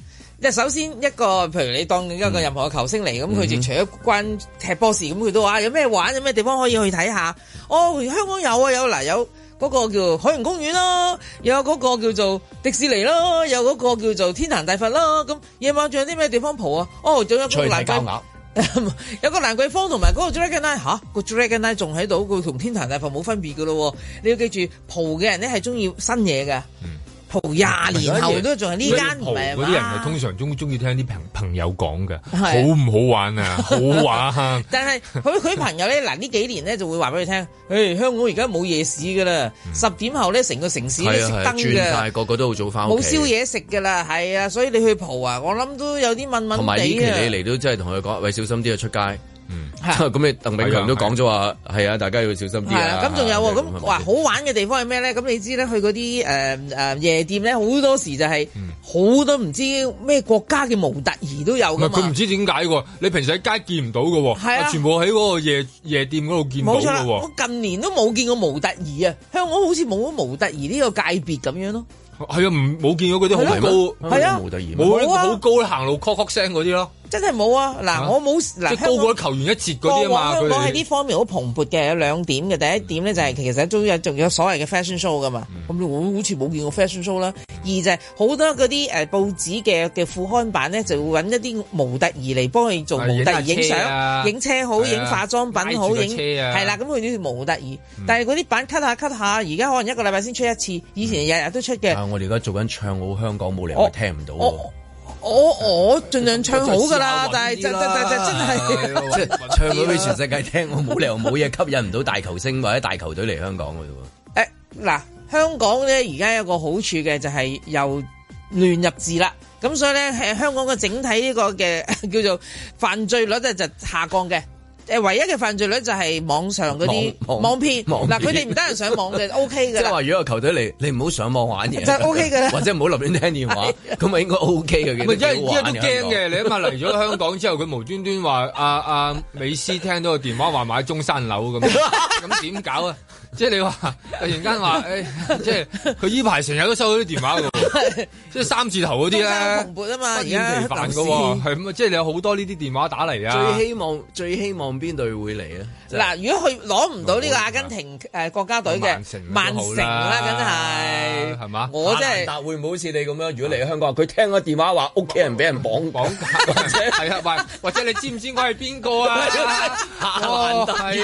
即係樣首先一個，譬如你當一個任何嘅球星嚟，咁佢、嗯、就除咗關踢波事，咁佢都話有咩玩，有咩地方可以去睇下。哦，香港有啊，有嗱、啊、有嗰個叫海洋公園啦、啊，有嗰個叫做迪士尼啦、啊，有嗰個叫做天壇大佛啦、啊。咁夜晚仲有啲咩地方蒲啊？哦，仲有嗰 [LAUGHS] 有個蘭桂坊同埋嗰個 dragonite 嚇，嗰個 dragonite 仲喺度，佢同天壇大佛冇分別嘅咯。你要記住，蒲嘅人咧係中意新嘢嘅。嗯蒲廿年後都仲係呢間名啊！嗰啲人係通常中中意聽啲朋朋友講嘅，是啊、好唔好玩啊？好玩、啊、 [LAUGHS] 但係佢佢朋友咧，嗱呢幾年咧就會話俾你聽，誒香港而家冇夜市嘅啦，嗯、十點後咧成個城市熄燈㗎、啊啊啊，轉曬個個都好早翻屋冇宵夜食㗎啦，係啊！所以你去蒲啊，我諗都有啲悶悶地啊！同埋呢期你嚟到真係同佢講，喂，小心啲啊出街。咁你鄧炳強都講咗話，係啊，大家要小心啲。咁仲有，咁哇，好玩嘅地方係咩咧？咁你知咧，去嗰啲誒誒夜店咧，好多時就係好多唔知咩國家嘅模特兒都有佢唔知點解喎？你平時喺街見唔到噶喎，全部喺嗰個夜夜店嗰度見唔到噶喎。我近年都冇見過模特兒啊，香港好似冇模特兒呢個界別咁樣咯。係啊，冇見到嗰啲好高，係啊，冇一個好高行路 coco 聲嗰啲咯。真係冇啊！嗱，我冇嗱，香港高過啲球員一節嗰啲啊嘛。佢我喺呢方面好蓬勃嘅，有兩點嘅。第一點咧就係其實都有仲有所謂嘅 fashion show 噶嘛。咁我好似冇見過 fashion show 啦。二就係好多嗰啲誒報紙嘅嘅副刊版咧，就會揾一啲模特兒嚟幫佢做模特兒影相、影車好、影化妝品好、影係啦。咁佢啲模特兒，但係嗰啲版 cut 下 cut 下，而家可能一個禮拜先出一次，以前日日都出嘅。我哋而家做緊唱好香港，冇理由聽唔到。我我盡量唱好噶啦但，但係、啊、真真真真真係，即係唱俾全世界聽，我冇理由冇嘢吸引唔到大球星 [LAUGHS] 或者大球隊嚟香港嘅啫喎。嗱、欸，香港咧而家有個好處嘅就係、是、由亂入治啦，咁所以咧係香港嘅整體呢、這個嘅叫做犯罪率咧就下降嘅。誒，唯一嘅犯罪率就係網上嗰啲網騙，嗱，佢哋唔得人上網嘅 O K 嘅。即係話，如果個球隊嚟，你唔好上網玩嘢，就 O K 嘅啦。或者唔好立亂聽電話，咁咪應該 O K 嘅。因係一，一都驚嘅。你諗下嚟咗香港之後，佢無端端話阿阿美斯聽到個電話話買中山樓咁，咁點搞啊？即係你話突然間話誒、欸，即係佢依排成日都收到啲電話喎，即係三字頭嗰啲咧，不厭其煩嘅喎，係咁啊！即係你有好多呢啲電話打嚟啊，最希望最希望邊隊會嚟啊！嗱，如果佢攞唔到呢個阿根廷誒國家隊嘅曼城啦，梗係係嘛？我真係會唔會好似你咁樣？如果嚟咗香港，佢聽個電話話屋企人俾人綁綁架，或者係啊，或或者你知唔知我係邊個啊？難得遇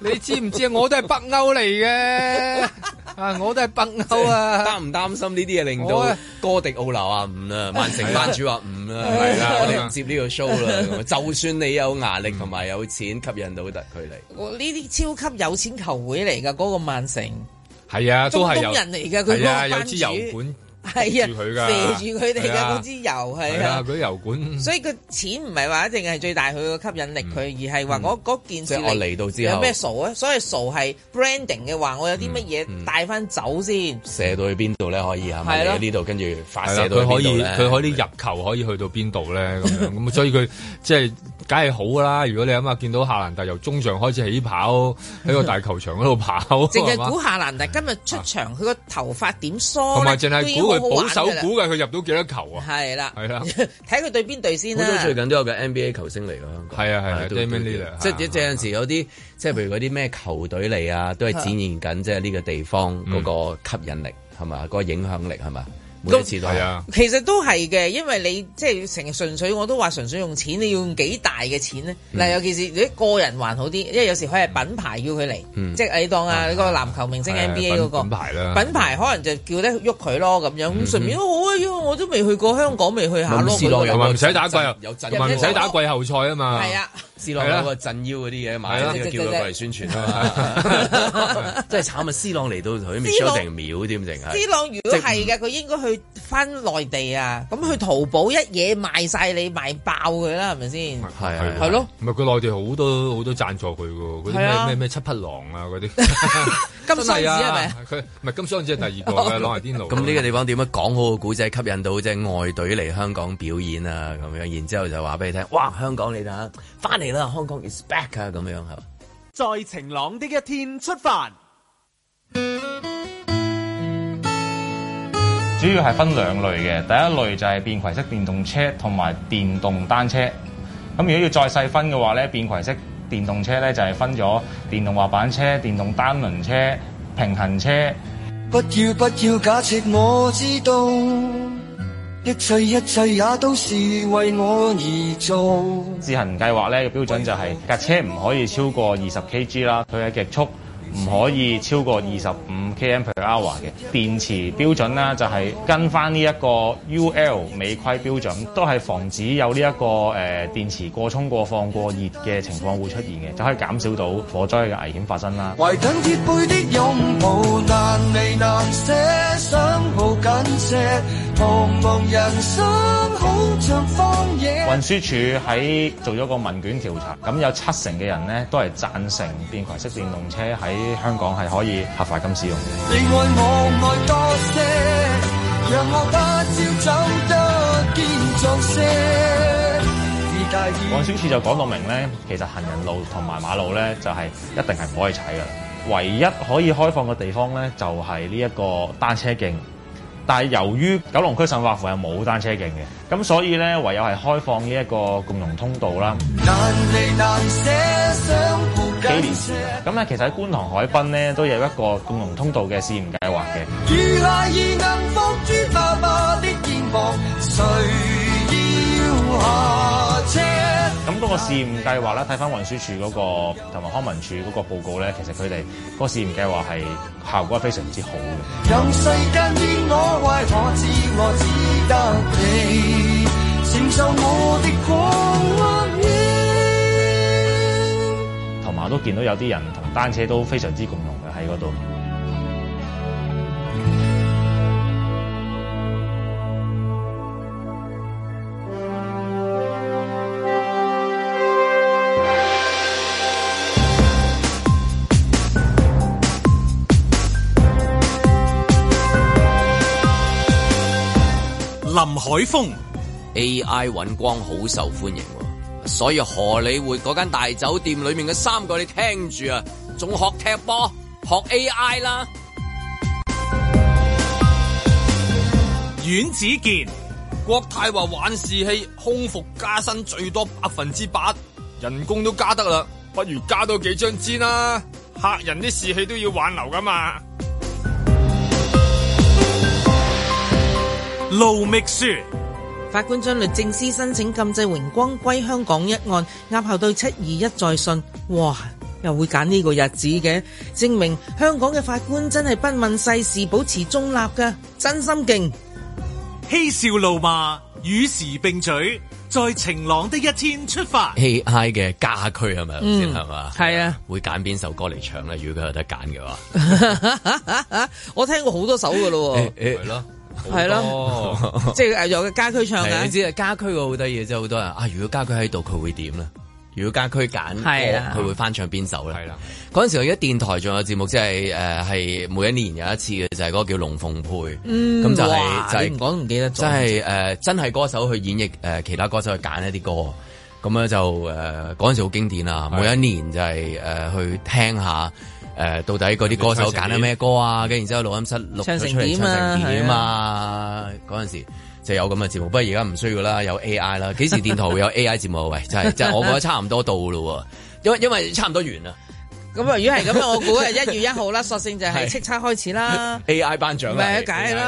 你知唔知啊？我都係北歐嚟嘅，啊，我都係北歐啊！擔唔擔心呢啲嘢令到哥迪奧留啊五啊，曼城班主話五啦，係啦，我哋唔接呢個 show 啦。就算你有壓力同埋有錢。點吸引到得佢哋？呢啲超級有錢球會嚟㗎，嗰、嗰個曼城係啊，都係中東人嚟㗎，佢啊，有支油管。係啊，射住佢哋嘅嗰支油係啊，佢油管。所以個錢唔係話一定係最大佢嘅吸引力，佢而係話我嗰件事。我嚟到之後有咩傻啊？所謂傻係 branding 嘅話，我有啲乜嘢帶翻走先？射到去邊度咧？可以係咪嚟咗呢度，跟住發射到佢可以佢可以入球，可以去到邊度咧？咁樣咁所以佢即係梗係好啦。如果你諗下，見到夏蘭特由中場開始起跑喺個大球場嗰度跑，淨係估夏蘭特今日出場，佢個頭髮點梳？同埋保守估計，佢入到幾多球啊？係啦的，係啦的，睇佢對邊隊先啦。最近都有個 NBA 球星嚟㗎，香港，係啊係啊，即係有陣時有啲，即係譬如嗰啲咩球隊嚟啊，都係展現緊即係呢個地方嗰個吸引力係嘛，嗰個、 [LAUGHS] 嗯、影響力係嘛。咁，其實都係嘅，因為你即係成日純粹，我都話純粹用錢，你要用幾大嘅錢咧？嗱，尤其是你個人還好啲，因為有時佢係品牌要佢嚟，即係你當啊，你個籃球明星 NBA 嗰個品牌，品牌可能就叫得喐佢咯咁樣，順便都好啊！我都未去過香港，未去下咯。斯朗唔係唔使打季，有陣唔使打季後賽啊嘛。係啊，斯朗個陣腰嗰啲嘢買啦，叫佢過嚟宣傳啦。真係慘啊！斯朗嚟到佢秒點定啊！斯朗如果係嘅，佢應該去。翻內地啊，咁去淘寶一嘢賣晒，你賣爆佢啦，係咪先？係係、啊啊、咯，唔係佢內地好多好多贊助佢噶，嗰啲咩咩咩七匹狼啊，嗰啲 [LAUGHS] 金世啊，佢唔係金雙子係第二個 [LAUGHS] 啊，攞嚟天爐。咁 [LAUGHS] 呢 [LAUGHS] 個地方點樣講好個古仔，吸引到即係外隊嚟香港表演啊？咁樣，然之後就話俾你聽，哇！香港你睇，翻嚟啦香港 is back 啊！咁樣係嘛？在晴朗的一天出發。主要係分兩類嘅，第一類就係便攜式電動車同埋電動單車，咁如果要再細分嘅話咧，便攜式電動車咧就係分咗電動滑板車、電動單輪車、平衡車。不要不要假設我知道一切一切也都是為我而做。自行計劃咧嘅標準就係、是、架車唔可以超過二十 Kg 啦，佢嘅極速。唔可以超過二十五 km per hour 嘅電池標準啦，就係、是、跟翻呢一個 UL 美規標準，都係防止有呢、這、一個誒、呃、電池過充過放過熱嘅情況會出現嘅，就可以減少到火災嘅危險發生啦。運輸署喺做咗個問卷調查，咁有七成嘅人呢，都係贊成便攜式電動車喺香港係可以合法咁使用嘅。運輸署就講到明咧，其實行人路同埋馬路咧，就係一定係唔可以踩噶啦。唯一可以開放嘅地方咧，就係呢一個單車徑。但係由於九龍區神化湖係冇單車徑嘅，咁所以咧，唯有係開放呢一個共融通道啦。難離難捨，幾年前啊，咁咧，其實喺觀塘海濱咧，都有一個共融通道嘅試驗計劃嘅。如孩兒能伏於爸爸的肩膊，誰要下車？咁嗰個試驗計劃咧，睇翻運輸署嗰個同埋康文署嗰個報告咧，其實佢哋嗰個試驗計劃係效果係非常之好嘅。同埋都見到有啲人同單車都非常之共融嘅喺嗰度。林海峰 AI 尹光好受歡迎，所以荷里活嗰間大酒店裏面嘅三個，你聽住啊，仲學踢波，學 AI 啦。阮子健國泰話玩士氣，空服加薪最多百分之八，人工都加得啦，不如加多幾張氈啦，客人啲士氣都要挽留噶嘛。露秘書，法官將律政司申請禁制榮光歸香港一案押後到七二一再訊。哇，又會揀呢個日子嘅，證明香港嘅法官真係不問世事，保持中立噶，真心勁。嬉笑怒罵，與時並舉，在晴朗的一天出發。嘻嗨嘅家居係咪先係嘛？係啊，會揀邊首歌嚟唱咧？如果佢有得揀嘅話，我聽過好多首噶咯。係咯。係咯，很 [LAUGHS] 即係有個家駒唱嘅。你知啊，家駒嘅好多嘢，即係好多人啊。如果家駒喺度，佢會點咧？如果家駒揀，係佢是、啊呃、會翻唱邊首咧？係啦。嗰陣時我而家電台仲有節目，即係誒，係、呃、每一年有一次嘅，就係、是、嗰個叫龍鳳配。咁、嗯、就係、是、哇就唔講唔記得，即係誒，真係歌手去演繹誒、呃，其他歌手去揀一啲歌，咁咧就誒，嗰、呃、陣時好經典啊。每一年就係、是、誒的、就是呃，去聽下。.誒到底嗰啲歌手揀咗咩歌啊？跟住然之後錄音室錄出嚟唱成點啊？嗰陣、啊啊、時就有咁嘅節目，不過而家唔需要啦，有 AI 啦。幾時電台會有 AI 節目啊？ [LAUGHS] 喂，真係真係我覺得差唔多到咯，因為因為差唔多完啦。咁 [LAUGHS] 如果係咁，我估係一月一號啦， [LAUGHS] 索性就係叱咤開始啦。A I 頒獎咪解咯，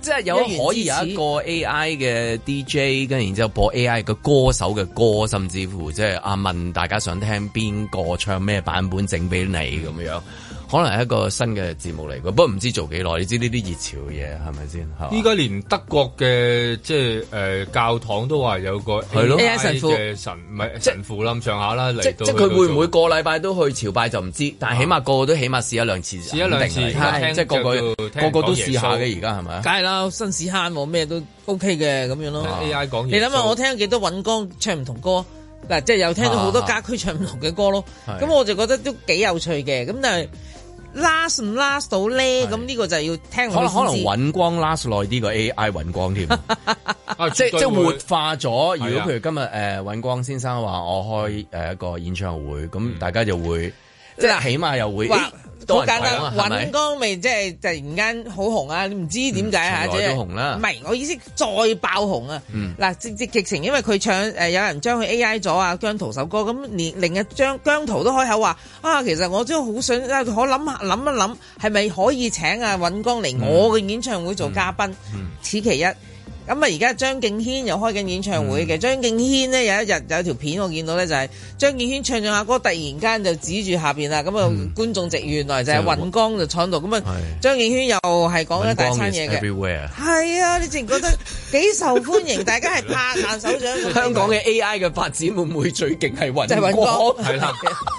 即係、就是、有可以有一個 A I 嘅 D J，跟然之後播 A I 嘅歌手嘅歌，甚至乎即係啊問大家想聽邊個唱咩版本整俾你咁、嗯、樣。可能係一個新嘅節目嚟嘅，不過唔知做幾耐。你知呢啲熱潮嘅嘢係咪先？依家連德國嘅即係誒教堂都話有個 AI 嘅神，唔係神父咁上下啦。即即佢會唔會個禮拜都去朝拜就唔知，但係起碼個個都起碼試一兩次。試一兩次，即係個個個都試下嘅。而家係咪？梗係啦，新屎坑，咩都 OK 嘅咁樣咯。AI 講，你諗下，我聽幾多尹光唱唔同歌嗱，即係又聽到好多家駒唱唔同嘅歌咯。咁我就覺得都幾有趣嘅。咁但係。last 唔 last 到咧？咁呢個就要聽我哋知，可能可能尹光 last 耐啲個 AI 尹光添， [LAUGHS] 即即 [LAUGHS] 活化咗。如果譬如今日誒尹光先生話我開誒一個演唱會，咁、嗯、大家就會、嗯、即係起碼又會。說欸好簡單，尹光咪，即係突然間好紅啊！你唔、嗯、知點解啊？再紅啦，唔係我意思再爆紅啊！嗱、嗯，直接劇情，因為佢唱誒、呃、有人將佢 AI 咗啊，姜濤首歌咁，另另一張姜濤都開口話啊，其實我真係好想，啊、我諗下諗一諗，係咪可以請阿尹光嚟我嘅演唱會做嘉賓？嗯、此其一。咁啊，而家張敬軒又開緊演唱會嘅。嗯、張敬軒咧有一日有條片我見到咧，就係張敬軒唱咗下歌，突然間就指住下邊啦。咁啊、嗯，觀眾席原來就係雲江就坐喺度。咁啊是，張敬軒又係講咗一大餐嘢嘅。係啊，你之前覺得幾受歡迎， [LAUGHS] 大家係拍爛手掌。 [LAUGHS] 樣香港嘅 AI 嘅發展會唔會最勁係雲江？係、嗯、啦。 [LAUGHS]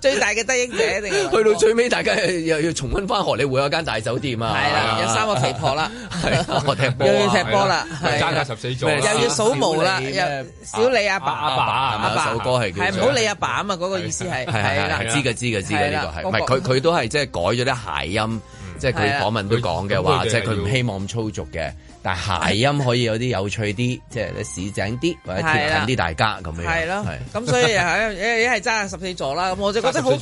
最大嘅得益者嚟去到最尾，大家又要重溫返荷里活有間大酒店啊！係啦，有三個肥婆啦，係我踢波，又要踢波啦，十四組，又要數毛啦，又小李阿爸阿爸啊！首歌係，叫唔好理阿爸啊嘛？嗰個意思係係啦，知嘅知嘅知嘅，呢係唔係佢佢都係即係改咗啲諧音，即係佢訪問都講嘅話，即係佢唔希望咁粗俗嘅。但係諧音可以有啲有趣啲，即係啲市井啲，或者貼近啲大家咁的樣。係咯的，咁 [LAUGHS] 所以係一係爭十四座啦。咁我就覺得好，好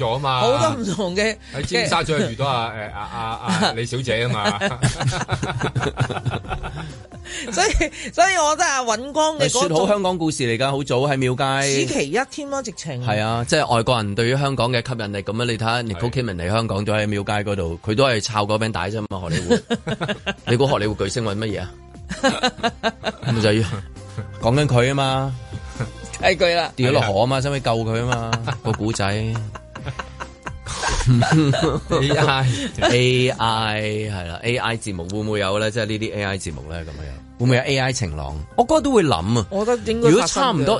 [LAUGHS] 多唔同嘅，喺尖沙咀遇到阿誒阿阿阿李小姐啊嘛。 [LAUGHS] [LAUGHS] [LAUGHS] 所以 [LAUGHS] 所以，所以我真係尹光嘅。你講好香港故事嚟噶，好早喺廟街。此其一添咯，啊，直情。係啊，即係外國人對於香港嘅吸引力咁樣，你睇下 Nicole Kidman 嚟香港都喺廟街嗰度，佢都係抄嗰柄帶啫嘛。荷里活， [LAUGHS] 你估荷里活巨星揾乜嘢啊？咪 [LAUGHS] 就要講緊佢啊嘛，太攰啦，掉咗落河啊嘛，使唔使救佢啊嘛？ [LAUGHS] 個古仔。 [LAUGHS] A I A I 係啦，A I 節目會唔會有咧？即係呢啲 A I 節目咧，咁樣會唔會有 A I 晴朗？我哥都會諗啊。我覺得，我覺得如果差唔多，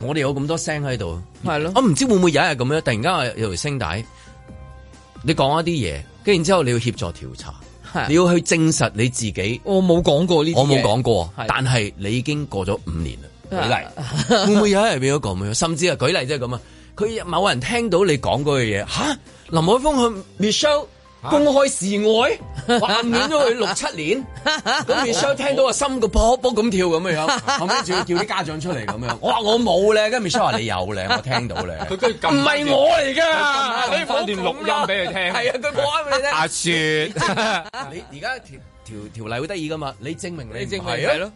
我哋有咁多聲喺度，係咯。我唔的知會唔會有一日咁樣，突然間有條聲帶，你講一啲嘢，跟住然之後你要協助調查，的你要去證實你自己。我冇講過呢，我冇講過，的但係你已經過咗五年啦。舉例是的 [LAUGHS] 會唔會有一日變咗講咩？甚至係舉例，即係咁啊。佢某人聽到你講嗰句嘢，嚇林海峯向 Michelle 公開示愛，暗戀咗佢六七年。Michelle 聽到個心個卜卜咁跳咁嘅樣，後尾仲要叫啲家長出嚟咁樣，我話我冇咧，跟住 Michelle 話你有咧，我聽到咧，唔係我嚟㗎，可以放段錄音俾佢聽。係啊，佢播翻俾你聽。阿雪，你而家條條條例好得意㗎嘛？你證明你唔係啊。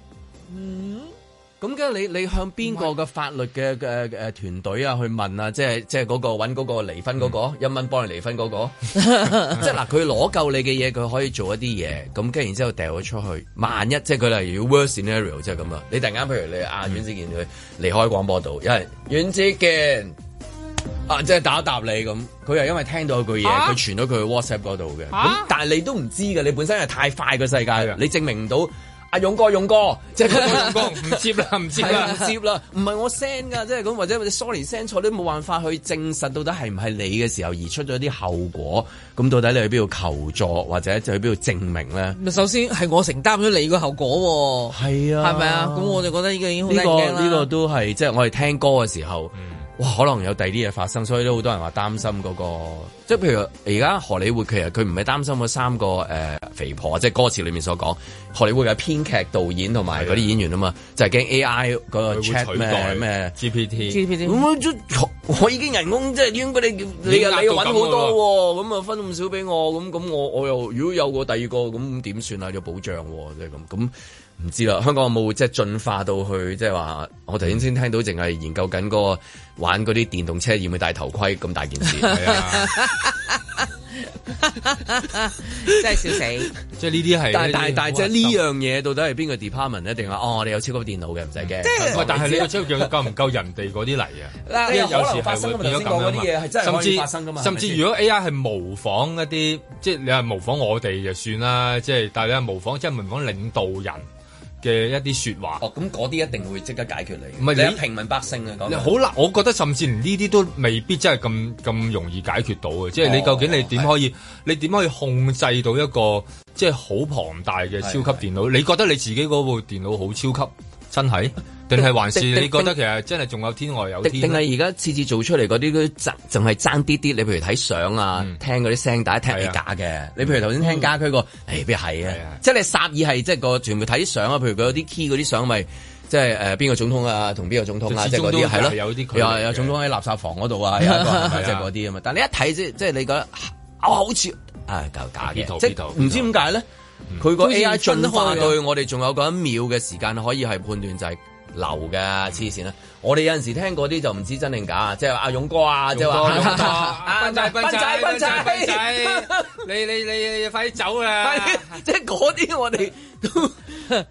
咁跟你，你向邊個嘅法律嘅嘅嘅團隊啊去問啊？即係即係嗰個搵嗰個離婚嗰個一蚊幫你離婚嗰個，即係嗱佢攞夠你嘅嘢，佢可以做一啲嘢。咁跟然之後掉咗出去，萬一即係佢例如要 worst scenario 即係咁啊！你突然間譬如你阿阮子健佢離開廣播度，因為阮子健啊，即係打答你咁，佢又因為聽到一句嘢，佢傳、啊、到佢去 WhatsApp 度嘅。咁、啊、但係你都唔知嘅，你本身係太快嘅世界，你證明唔到。阿、啊、勇哥，勇哥，即係嗰個勇哥，唔接啦，唔接啦，唔、 [LAUGHS] 啊、接啦，唔係我 send 噶，即係咁，或者 sorry send 錯，都冇辦法去證實到底係唔係你嘅時候而出咗啲後果，咁到底你去邊度求助或者就去邊度證明咧？首先係我承擔咗你個後果，係啊，係咪啊？咁我就覺得呢個已經好驚啦。呢、這個呢、這個都係即係我哋聽歌嘅時候。嗯哇，可能有第二啲嘢發生，所以都好多人話擔心嗰、那個，即係譬如而家荷里活其實佢唔係擔心嗰三個誒、呃、肥婆，即係歌詞裏面所講荷里活嘅編劇、導演同埋嗰啲演員啊嘛，的就係驚 AI 嗰個 check 咩 GPT，GPT，我已經人工即係點？你你又揾好多喎，咁啊了分咁少俾我，咁咁我我又如果有個第二個咁點算啊？有保障喎，即係咁咁。唔知啦，香港有冇即係進化到去即係話，我頭先先聽到淨係研究緊嗰個玩嗰啲電動車要唔要戴頭盔咁大件事，係真係笑死！即係呢啲係，但係即係呢樣嘢到底係邊個 department 咧？定係哦？我哋有超級電腦嘅，唔使驚。但係你嘅超級電腦夠唔夠人哋嗰啲嚟啊？嗱，呢個可能發生咁樣嘅嘢係真係可以發生㗎嘛？甚至如果 AI 係模仿一啲，即係你係模仿我哋就算啦，即係但係你係模仿即係模仿領導人。嘅一啲説話，哦，咁嗰啲一定會即刻解決你。唔係你是平民百姓啊，講你好難。我覺得甚至連呢啲都未必真係咁咁容易解決到嘅。哦、即係你究竟你點可以？哦、你點可以、哎、可以控制到一個即係好龐大嘅超級電腦？你覺得你自己嗰部電腦好超級？真係？ [LAUGHS] 定係還，還是你覺得其實真係仲有天外有天？定係而家次次做出嚟嗰啲都爭，淨係爭啲啲。你譬如睇相啊，聽嗰啲聲，大家聽係假嘅。嗯、你譬如頭先聽家居、嗰個，誒邊係啊？啊即係你霎意係即係個全部睇相啊。譬如佢有啲 key 嗰啲相，咪即係誒邊個總統啊？同邊個總統啊？即係嗰啲係咯，有啲有有總統喺垃圾房嗰度 [LAUGHS] 啊，即係嗰啲啊嘛。但你一睇即係即係你覺得啊，好似啊，夠假嘅。糊塗唔知點解咧？佢個、嗯、AI 進化對我哋仲有嗰一秒嘅時間可以係判斷就係、是。流嘅黐線啦！我哋有陣時聽嗰啲就唔知真定假，即係阿勇哥啊，即係話斌仔斌仔斌仔，仔仔仔 [LAUGHS] 你你你快啲走啦！即係嗰啲我哋，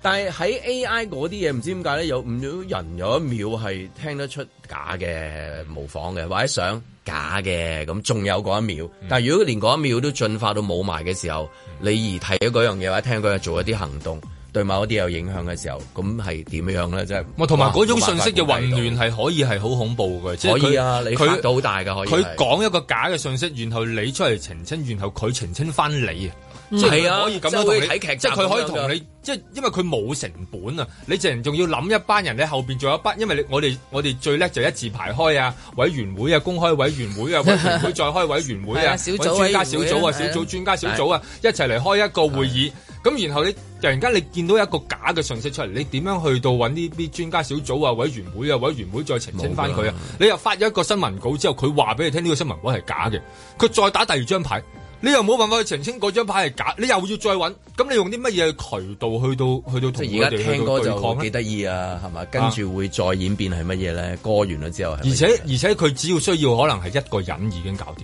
但係喺 AI 嗰啲嘢唔知點解咧，有唔少人有一秒係聽得出假嘅模仿嘅，或者想假嘅咁，仲有嗰一秒。但係如果連嗰一秒都進化到冇埋嘅時候，嗯、你而睇到嗰樣嘢話，或者聽佢做一啲行動。對某一啲有影響嘅時候，咁係點樣咧？即係，同埋嗰種信息嘅混亂係可以係好恐怖嘅。可以啊，佢都大噶，可以。佢講一個假嘅信息，然後你出嚟澄清，然後佢澄清翻你啊。係啊，可以咁樣。可以睇劇，即係佢可以同你，即係因為佢冇成本啊！你淨係仲要諗一班人咧，後邊仲有一班，因為我哋我哋最叻就一字排開啊，委員會啊，公開委員會啊，委員會再開委員會啊，專家小組啊，小組專家小組啊，一齊嚟開一個會議。咁然後你突然間你見到一個假嘅訊息出嚟，你點樣去到揾呢啲專家小組啊、委員會啊、委員會再澄清返佢啊？你又發咗一個新聞稿之後，佢話俾你聽呢個新聞稿係假嘅，佢再打第二張牌，你又冇辦法去澄清嗰張牌係假，你又要再揾，咁你用啲乜嘢渠道去到去到，去到對抗？即係而家聽歌就幾得意啊，係嘛？跟住會再演變係乜嘢咧？過完咗之後而，而且而且佢只要需要，可能係一個人已經搞掂。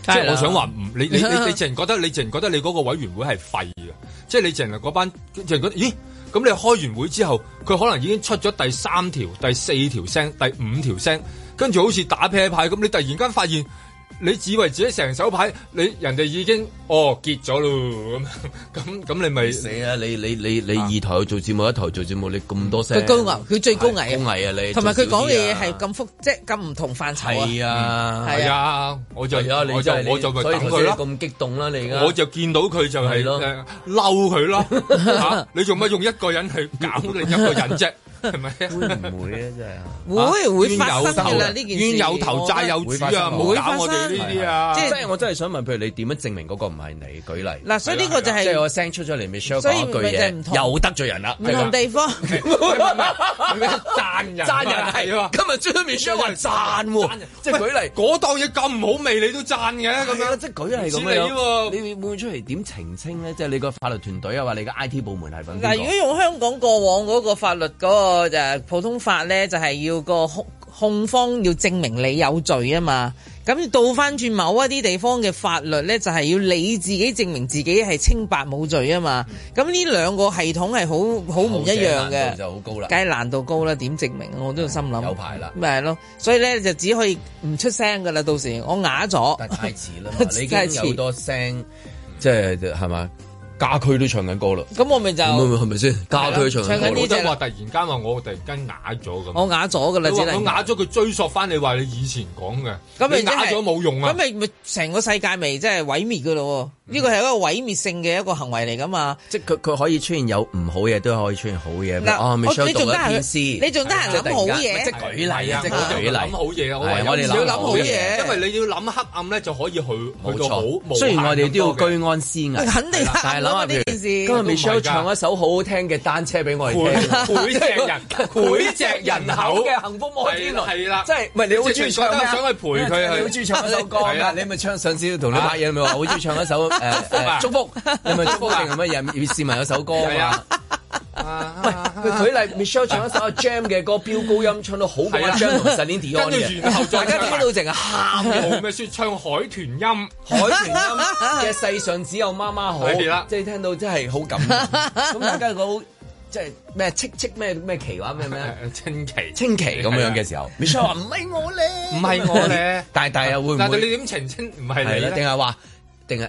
[MUSIC] 即係我想話唔，你你你你，你你淨係覺，覺得你淨係覺得你嗰個委員會係廢嘅， [LAUGHS] 即係你淨係嗰班，淨係覺得，咦？咁你開完會之後，佢可能已經出咗第三條、第四條聲、第五條聲，跟住好似打啤牌咁，你突然間發現。你以為自己成手牌，你人哋已經哦結咗咯咁咁咁，你咪死啊！你你你你二台做節目，一台做節目，你咁多聲佢高危，佢最高危，高危啊你！同埋佢講嘅嘢係咁複，即係咁唔同範疇啊！係啊，係啊！我就而家，我就我就咪等佢咁激動啦，你我就見到佢就係誒嬲佢啦！你做乜用一個人去搞你一個人啫？係咪會唔會啊？真係會會發生嘅呢件事，冤有頭債有主啊！唔好搞我哋呢啲啊！即係我真係想問，譬如你點樣證明嗰個唔係你？舉例嗱，所以呢個就係即係我聲出咗嚟未 share 句嘢，又得罪人啦，唔同地方，讚人讚人係今日出咗未 share 話讚，即係舉例嗰檔嘢咁唔好味，你都讚嘅咁樣，即係舉例咁樣，你換出嚟點澄清咧？即係你個法律團隊啊，或你個 IT 部門係揾嗱，如果用香港過往嗰個法律個。個就普通法咧，就係要個控控方要證明你有罪啊嘛。咁倒翻轉某一啲地方嘅法律咧，就係要你自己證明自己係清白冇罪啊嘛。咁呢兩個系統係好好唔一樣嘅，好就好高啦。梗係難度高啦，點證明我都心諗有排啦，咪係咯。所以咧，就只可以唔出聲噶啦。到時我啞咗，太遲啦。你已經有多聲，即係係嘛？遲家駒都唱緊歌啦，咁我咪就係咪先？嗯嗯、家駒唱緊歌？我真係突然間話我突然間啞咗咁，我啞咗噶啦，我啞咗佢追溯翻你話你以前講嘅，咁、就是、你啞咗冇用啊，咁你咪成個世界咪即係毀滅噶咯？呢個係一個毀滅性嘅一個行為嚟㗎嘛！即係佢佢可以出現有唔好嘢，都可以出現好嘢。嗱，我你仲得閒思，你仲得閒諗好嘢。即舉例啊！即舉例。諗好嘢啊！我哋要諗好嘢，因為你要諗黑暗咧，就可以去去到好。雖然我哋都要居安思危。肯定啦。係諗下呢件事。今日 Michelle 唱一首好好聽嘅單車俾我哋聽。攰隻人，攰隻人口嘅幸福摩天輪。係啦，即係唔係？你好中意唱，想去陪佢？你好中意唱一首歌？係啦，你咪唱上次同你拍嘢咪話好中意唱一首。祝福，你咪祝福定係乜嘢，試問有首歌。係啊，佢舉例 Michelle 唱一首阿 Jam 嘅歌，飆高音唱到好。係啊 g m s a 大家聽到淨係喊，咩？説唱海豚音，海豚音嘅世上只有媽媽好。即係聽到真係好感動。咁大家好，即係咩？戚戚咩咩奇話咩咩？清奇，清奇咁樣嘅時候，Michelle 唔係我咧，唔係我咧，大大又會唔會？你點澄清？唔係你定係話定係？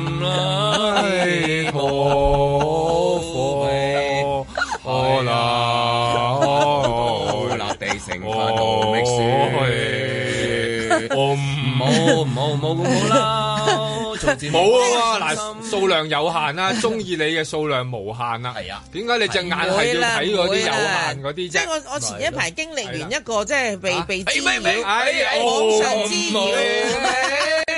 啦！我苦味，好難好難地承擔到，唔好唔好唔好唔好啦！逐漸冇啊！嗱，數量有限啦，中意你嘅數量無限啦。係啊，點解你隻眼係要睇嗰啲有限嗰啲啫？即係我我前一排經歷完一個，即係被被騷擾，網上騷擾。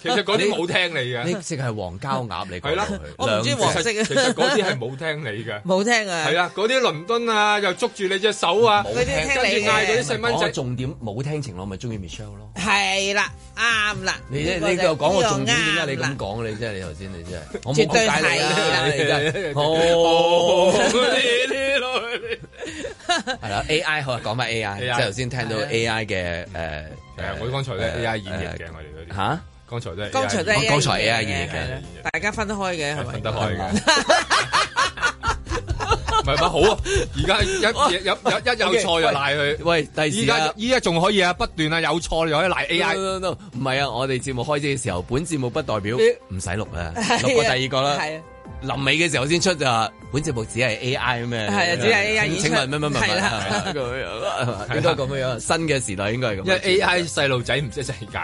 其實嗰啲冇聽你嘅，呢隻係黃膠鴨嚟嘅。係啦，我唔知黃色。其實嗰啲係冇聽你嘅，冇聽啊。係啦，嗰啲倫敦啊，又捉住你隻手啊，嗰啲聽你嗌，啲細蚊仔重點冇聽情郎，咪中意 Michelle 咯。係啦，啱啦。你呢？你又講我重點，點解你咁講？你真係你頭先，你真係。絕對係啦。哦。係啦，AI 好啊，講翻 AI。即係頭先聽到 AI 嘅誒，我剛才咧 AI 演譯嘅我哋嗰啲。吓？剛才都係，剛才啊，大家分得開嘅係咪？係係分得開嘅，唔係唔好啊！而家有有有有錯就賴佢。喂，第二時啊，依家仲可以啊，不斷啊，有錯又 ID, 可以賴 AI。唔係啊，我哋節目開始嘅時候，本節目不代表唔使錄啊，錄個第二個啦。的臨尾嘅時候先出就話，本節目只係 A I 咩？係只係 A I 演出。請問乜乜乜乜？係啦，應該咁嘅樣。新嘅時代應該係咁。因為 A I 細路仔唔識世界。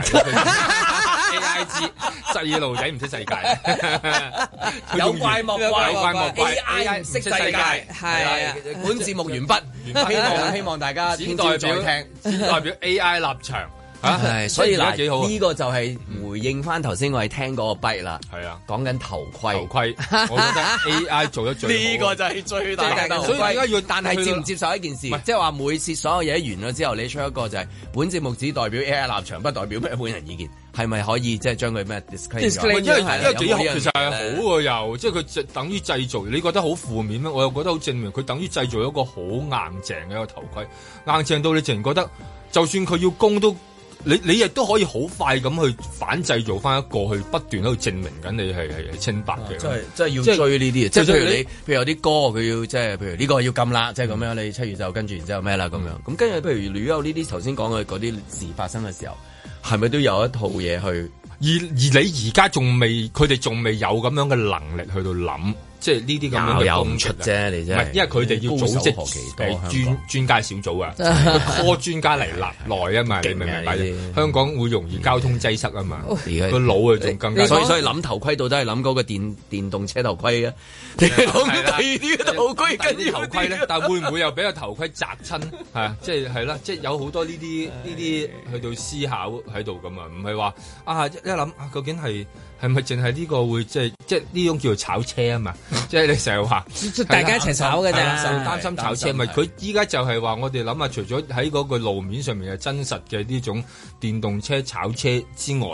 A I 知細路仔唔識世界。有怪莫怪，有怪莫怪，A I 唔識世界。係，本節目完畢。希望希望大家只代表聽，只代表 A I 立場。係，所以嗱，呢個就係回應翻頭先我哋聽嗰個 bite 啦。係啊，講緊頭盔，頭盔，A I 做咗呢個就係最大，所以大家要，但係接唔接受一件事，即係話每次所有嘢完咗之後，你出一個就係本節目只代表 A I 立場，不代表咩本人意見，係咪可以即係將佢咩？因為因為幾好，其實好又，即係佢等於製造，你覺得好負面咩？我又覺得好正面，佢等於製造一個好硬淨嘅一個頭盔，硬淨到你竟然覺得就算佢要供都。你你亦都可以好快咁去反製造翻一個去不斷喺度證明緊你係係清白嘅，即係即係要追呢啲嘅，即係是譬如你，譬如，你譬如有啲歌佢要即係譬如呢個要禁啦，即係咁樣、嗯、你七月就跟住然之後咩啦咁樣，咁跟住譬如如果呢啲頭先講嘅嗰啲事發生嘅時候，係咪都有一套嘢去？而而你而家仲未，佢哋仲未有咁樣嘅能力去到諗。即係呢啲咁樣嘅咁出啫，你真係唔係？因為佢哋要組織係專家小組啊，科 a 專家嚟立來啊嘛，你明唔明啊？香港會容易交通擠塞啊嘛，個腦啊仲更加。所以所以諗頭盔到底係諗嗰個電電動車頭盔啊，諗第二啲頭盔跟緊盔啲。但會唔會又俾個頭盔砸親？係即係係啦，即係有好多呢啲呢啲去到思考喺度咁啊，唔係話啊一諗究竟係。係咪淨係呢個會即係即係呢種叫做炒車啊嘛？ [LAUGHS] 即係你成日話大家一齊炒嘅咋？擔是心炒車咪佢依家就係話我哋諗下，除咗喺嗰個路面上面嘅真實嘅呢種電動車炒車之外，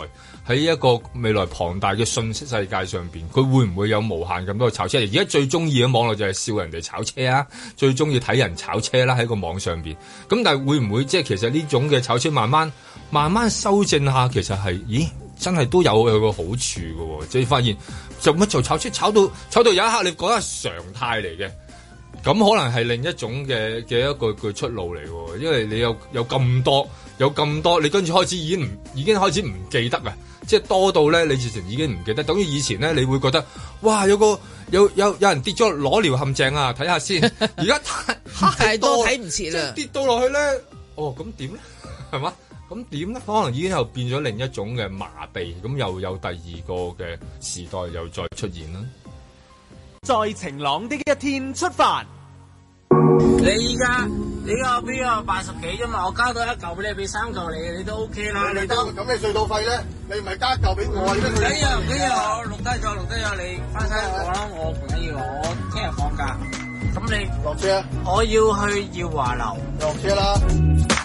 喺一個未來龐大嘅信息世界上邊，佢會唔會有無限咁多嘅炒車？而家最中意嘅網絡就係笑人哋炒車啊，最中意睇人炒車啦，喺個網上邊。咁但係會唔會即係其實呢種嘅炒車慢慢慢慢修正下？其實係咦？真係都有有個好處嘅，即係發現做乜就炒出炒到炒到有一刻你覺得係常態嚟嘅，咁可能係另一種嘅嘅一個一個出路嚟，因為你有有咁多有咁多，你跟住開始已經唔已經開始唔記得啊，即係多到咧你自己已經唔記得，等於以前咧你會覺得哇有個有有有人跌咗攞尿陷阱啊，睇下先，而家太， [LAUGHS] 太多睇唔切啦， [LAUGHS] 多跌到落去咧，哦咁點咧，係嘛？ [LAUGHS] [LAUGHS] 咁點咧？可能已經又變咗另一種嘅麻痹，咁又有第二個嘅時代又再出現啦。在晴朗的一天出發。你依家你個邊個八十幾？咋嘛？我交到一嚿俾你，俾三嚿你，你都 OK 啦。你交咁咩隧道費咧？你唔係加嚿俾我。唔緊要，唔緊要。錄低咗，錄低咗，你翻晒個講啦。我唔緊要，我聽日放假。咁你落車？我要去耀華樓。落車啦。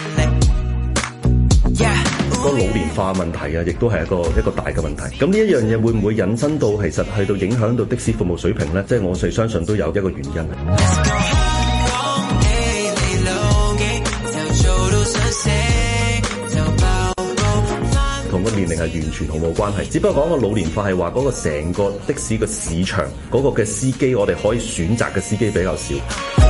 個老年化問題啊，亦都係一個一個大嘅問題。咁呢一樣嘢會唔會引申到其實去到影響到的士服務水平呢？即係我哋相信都有一個原因。同個年齡係完全毫無關係，只不過講個老年化係話嗰個成個的士嘅市場嗰個嘅司機，我哋可以選擇嘅司機比較少。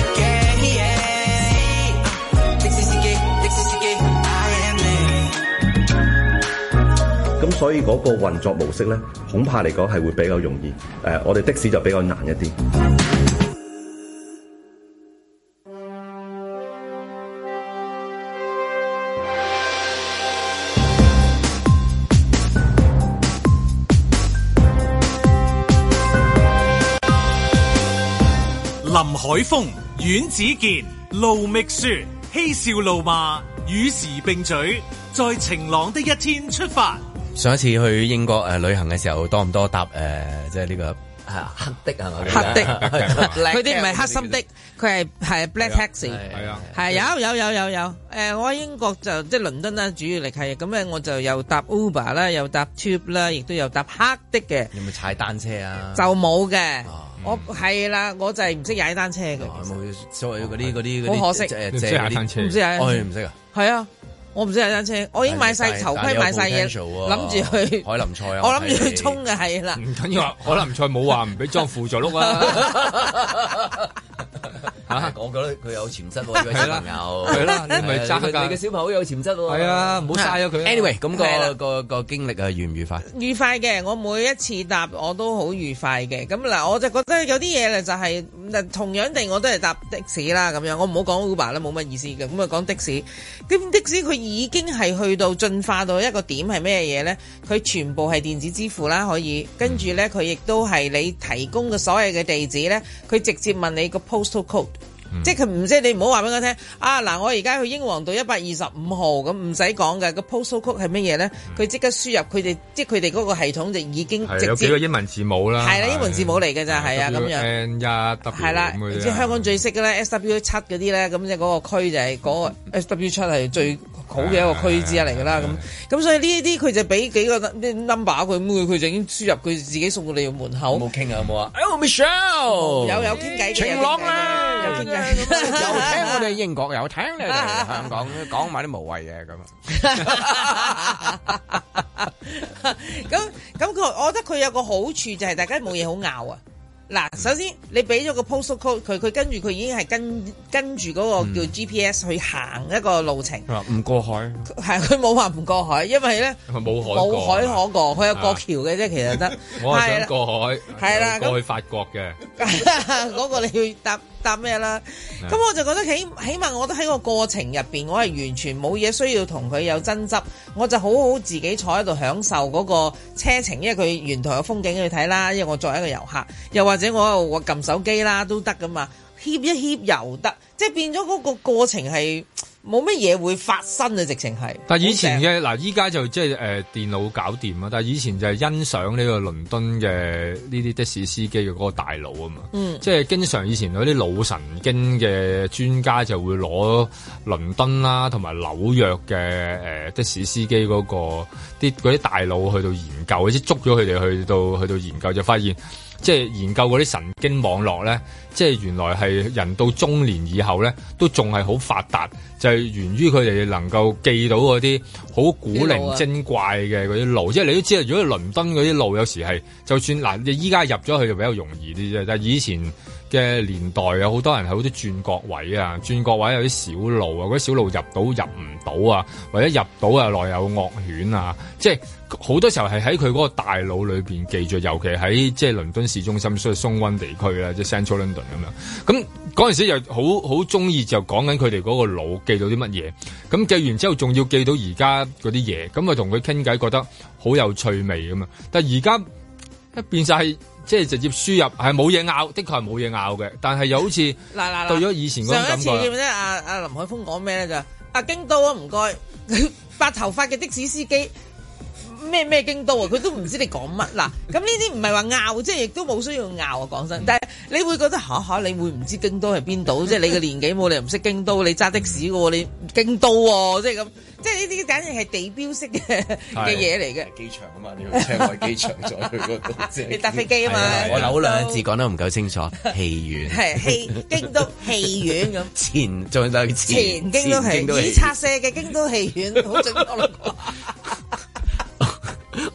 所以嗰個運作模式呢，恐怕嚟講係會比較容易。誒、呃，我哋的士就比較難一啲。林海峰、阮子健、盧覓雪，嬉笑怒罵，與時並嘴，在晴朗的一天出發。上一次去英國誒旅行嘅時候，多唔多搭誒，即係呢個黑的係咪？黑的，佢啲唔係黑心的，佢係係 Black Taxi。係啊，係有有有有有誒！我喺英國就即係倫敦啦，主要嚟係咁樣，我就又搭 Uber 啦，又搭 Tube 啦，亦都有搭黑的嘅。有冇踩單車啊？就冇嘅，我係啦，我就係唔識踩單車嘅。所謂嗰啲嗰啲。好可惜誒，借唔知踩，我係唔識啊。係啊。我唔知踩單車，但我已經買晒籌、頭盔，但買晒了嘢，諗住去凱林賽。啊！ [LAUGHS] 我諗看住你 去衝嘅係啦，唔緊要啊！凱林賽冇話唔俾裝輔助轆啊！ [LAUGHS] [LAUGHS] [LAUGHS] 嚇，我覺得佢有潛質喎，朋友係啦，你佢嘅小朋友有潛質喎。係啊，唔好嘥咗佢。啊、anyway，咁、那個了、那個個經歷啊，愉唔愉快？愉快嘅，我每一次答我都好愉快嘅。咁嗱，我就覺得有啲嘢咧，就係同樣地，我都係搭的士啦。咁樣我唔好講 Uber 啦，冇乜意思嘅。咁啊，講的士，咁的，的士佢已經係去到進化到一個點係咩嘢咧？佢全部係電子支付啦，可以跟住咧，佢亦都係你提供嘅所有嘅地址咧，佢直接問你個 postal code。即係唔即係你唔好話俾我聽啊！嗱，我而家去英皇道一百二十五號咁，唔使講嘅個 postcode 係乜嘢咧？佢即刻輸入佢哋，即係佢哋嗰個系統就已經直接有幾個英文字母啦。係啦，英文字母嚟嘅咋係啊咁樣。N 一係啦，你知香港最識嘅咧，S W 七嗰啲咧，咁即係嗰個區就係嗰個 S W 七係最。好嘅一個區之一嚟㗎啦，咁咁是的、嗯、所以呢啲佢就俾幾個啲 number 佢，咁佢就已經輸入佢自己送到你門口。冇傾啊，有冇啊 s h o u 有有傾偈，講啦，有傾偈，有，有，有，有，啊、有聽我哋英國，有聽你哋香港講埋啲無謂嘢咁。咁咁佢，我覺得佢有個好處就係大家冇嘢好拗啊。嗱，首先你俾咗個 postal code，佢佢跟住佢已經係跟跟住嗰個叫 GPS 去行一個路程，唔、嗯、過海，係佢冇話唔過海，因為咧冇海，冇海可過，佢有過橋嘅啫， [LAUGHS] 其實得，我係想過海，係啦，我去法國嘅，嗰 [LAUGHS] 個你要搭。答咩啦？咁我就覺得起起碼我都喺個過程入邊，我係完全冇嘢需要同佢有爭執，我就好好自己坐喺度享受嗰個車程，因為佢沿途有風景去睇啦。因為我作為一個遊客，又或者我我撳手機啦都得㗎嘛，歇一歇又得，即係變咗嗰個過程係。冇乜嘢會發生啊！直情係，但係以前嘅嗱，依家棒就即係誒電腦搞掂啊。但係以前就係欣賞呢個倫敦嘅呢啲的士司機嘅嗰個大腦啊嘛，嗯，即係經常以前嗰啲腦神經嘅專家就會攞倫敦啦、啊，同埋紐約嘅誒、呃、的士司機嗰，那個啲啲大腦去到研究，即捉咗佢哋去到去到研究，就發現，即係研究嗰啲神經網絡咧，即係原來係人到中年以後咧，都仲係好發達，就係源於佢哋能夠記到嗰啲好古靈精怪嘅嗰啲路，即係你都知道，如果倫敦嗰啲路有時係就算嗱，你依家入咗去就比較容易啲啫，但係以前嘅年代有好多人係好似轉角位啊，轉角位有啲小路啊，嗰啲小路入到入唔到啊，或者入到啊內有惡犬啊，即係好多時候係喺佢嗰個大腦裏邊記住，尤其喺即係倫敦市中心，所以松温地區啊，即係 Central London 咁樣。咁嗰陣時又好好中意就講緊佢哋嗰個腦記到啲乜嘢，咁記完之後仲要記到而家嗰啲嘢，咁啊同佢傾偈覺得好有趣味咁啊。但而家一變晒曬。即係直接輸入，係冇嘢拗，的確係冇嘢拗嘅，但係又好似嗱嗱對咗以前嗰個感覺。上一次叫咩啊，啊？林海峰講咩咧就啊，京都啊唔該， [LAUGHS] 白頭髮嘅的，的士司機。咩咩京都啊？佢都唔知你講乜啦。咁呢啲唔係話拗，即係亦都冇需要拗啊！講真，但係你會覺得吓吓、啊啊，你會唔知京都係邊度？ [LAUGHS] 即係你嘅年紀冇，你又唔識京都，你揸的士嘅喎，你京都喎、啊，即係咁，即係呢啲簡直係地標式嘅嘅嘢嚟嘅。機場啊嘛，你要窗外機場再去嗰度， [LAUGHS] 你搭飛機啊嘛。我扭兩字講得唔夠清楚，戲院係戲 [LAUGHS] 京都戲院咁前，再就前，前京都戲，已拆卸嘅京都戲院好準確。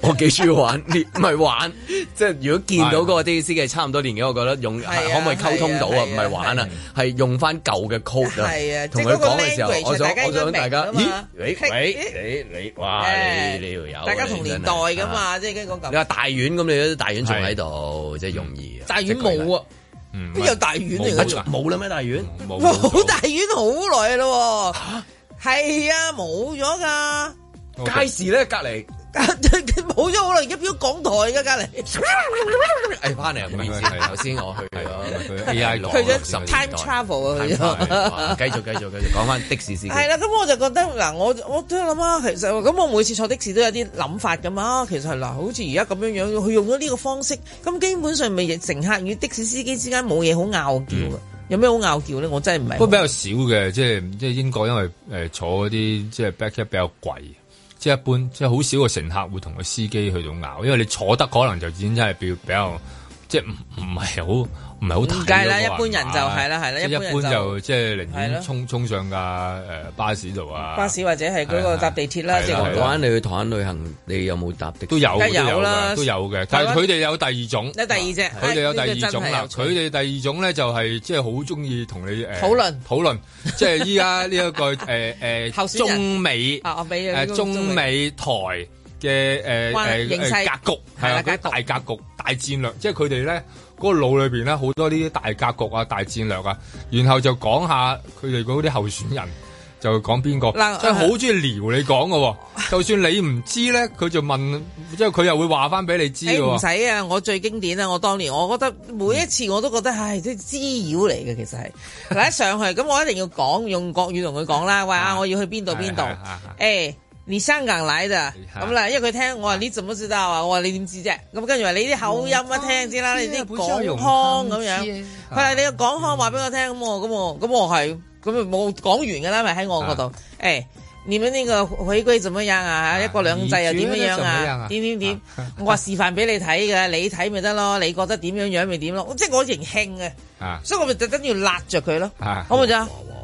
我幾中意玩，唔係玩，即係如果見到嗰啲 DC 差唔多年紀，我覺得用可唔可以溝通到啊？唔係玩啊，係用翻舊嘅 code。係啊，同佢講嘅時候，我想大家，我想大家。咦？喂你，喂，你哇，你你又有？大家同年代噶嘛，即係講咁。你話大院咁，你啲大院仲喺度，即係容易啊。大院冇啊，邊有大院啊？冇啦咩？大院冇大院好耐咯，係啊，冇咗噶。街市咧隔籬。冇咗好耐，而家變咗港台嘅隔籬。係翻嚟，唔好意思。首先我去，佢 AI 來，佢做 time travel 啊。繼續繼續繼續講翻的士司機。係啦，咁我就覺得嗱，我我都諗啦，其實咁我每次坐的士都有啲諗法噶嘛。其實嗱，好似而家咁樣樣，佢用咗呢個方式，咁基本上咪乘客與的士司機之間冇嘢好拗撬噶。有咩好拗撬咧？我真係唔係。都比較少嘅，即係即係英國，因為誒坐嗰啲即係 black cab 比較貴。即係一般，即係好少個乘客會同個司機去到拗，因為你坐得可能就已經真係比比較即係唔唔係好。就是唔係好大啦，一般人就係啦，係啦，一般人就即係寧願衝衝上架誒巴士度啊，巴士或者係嗰個搭地鐵啦。台灣你去台灣旅行，你有冇搭的都有啦，都有嘅。但係佢哋有第二種，有第二隻，佢哋有第二種啦。佢哋第二種咧就係即係好中意同你討論討論，即係依家呢一個誒誒中美誒中美台嘅誒誒誒格局，係啦，大格局大戰略，即係佢哋咧。嗰個腦裏邊咧好多呢啲大格局啊、大戰略啊，然後就講下佢哋嗰啲候選人就講邊個，真係好中意撩你講嘅喎。啊、就算你唔知咧，佢就問，即係佢又會話翻俾你知嘅唔使啊，我最經典啊。我當年我覺得每一次我都覺得唉，即係滋擾嚟嘅其實係。嗱一 [LAUGHS] 上去咁，我一定要講用國語同佢講啦，話啊，啊我要去邊度邊度，誒。你香港嚟嘅，咁啦、啊，因為佢聽我話，你怎麼知道啊？我話你點知啫、啊？咁跟住話你啲口音一聽知啦，啊、你啲講腔咁樣，係、啊、你嘅講腔話俾我聽咁喎，咁喎、啊，咁喎係，咁就冇講完㗎啦，咪喺我嗰度，誒、啊。欸念咗呢個回歸做乜嘢啊？一國兩制又點樣啊？點點點，我話示範俾你睇嘅，你睇咪得咯，你覺得點樣樣咪點咯，即係我迎慶嘅，所以，我咪特登要辣着佢咯，好冇就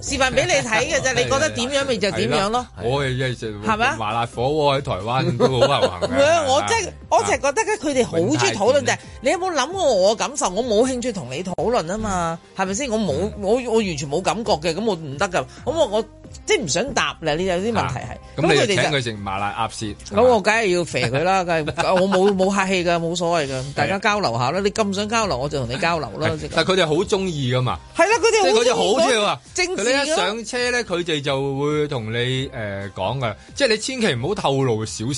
示範俾你睇嘅啫，你覺得點樣咪就點樣咯。我係即係食麻辣火鍋喺台灣都好流行嘅。唔係，我即係我就係覺得佢哋好中意討論嘅。你有冇諗過我感受？我冇興趣同你討論啊嘛，係咪先？我冇，我我完全冇感覺嘅，咁我唔得噶。咁我我。即係唔想答咧，呢有啲問題係。咁你請佢食麻辣鴨舌。咁我梗係要肥佢啦，梗係我冇冇客氣噶，冇所謂噶，大家交流下啦。你咁想交流，我就同你交流啦。但係佢哋好中意噶嘛。係啦，佢哋即係佢哋好中意啊！佢哋一上車咧，佢哋就會同你誒講噶，即係你千祈唔好透露少少。誒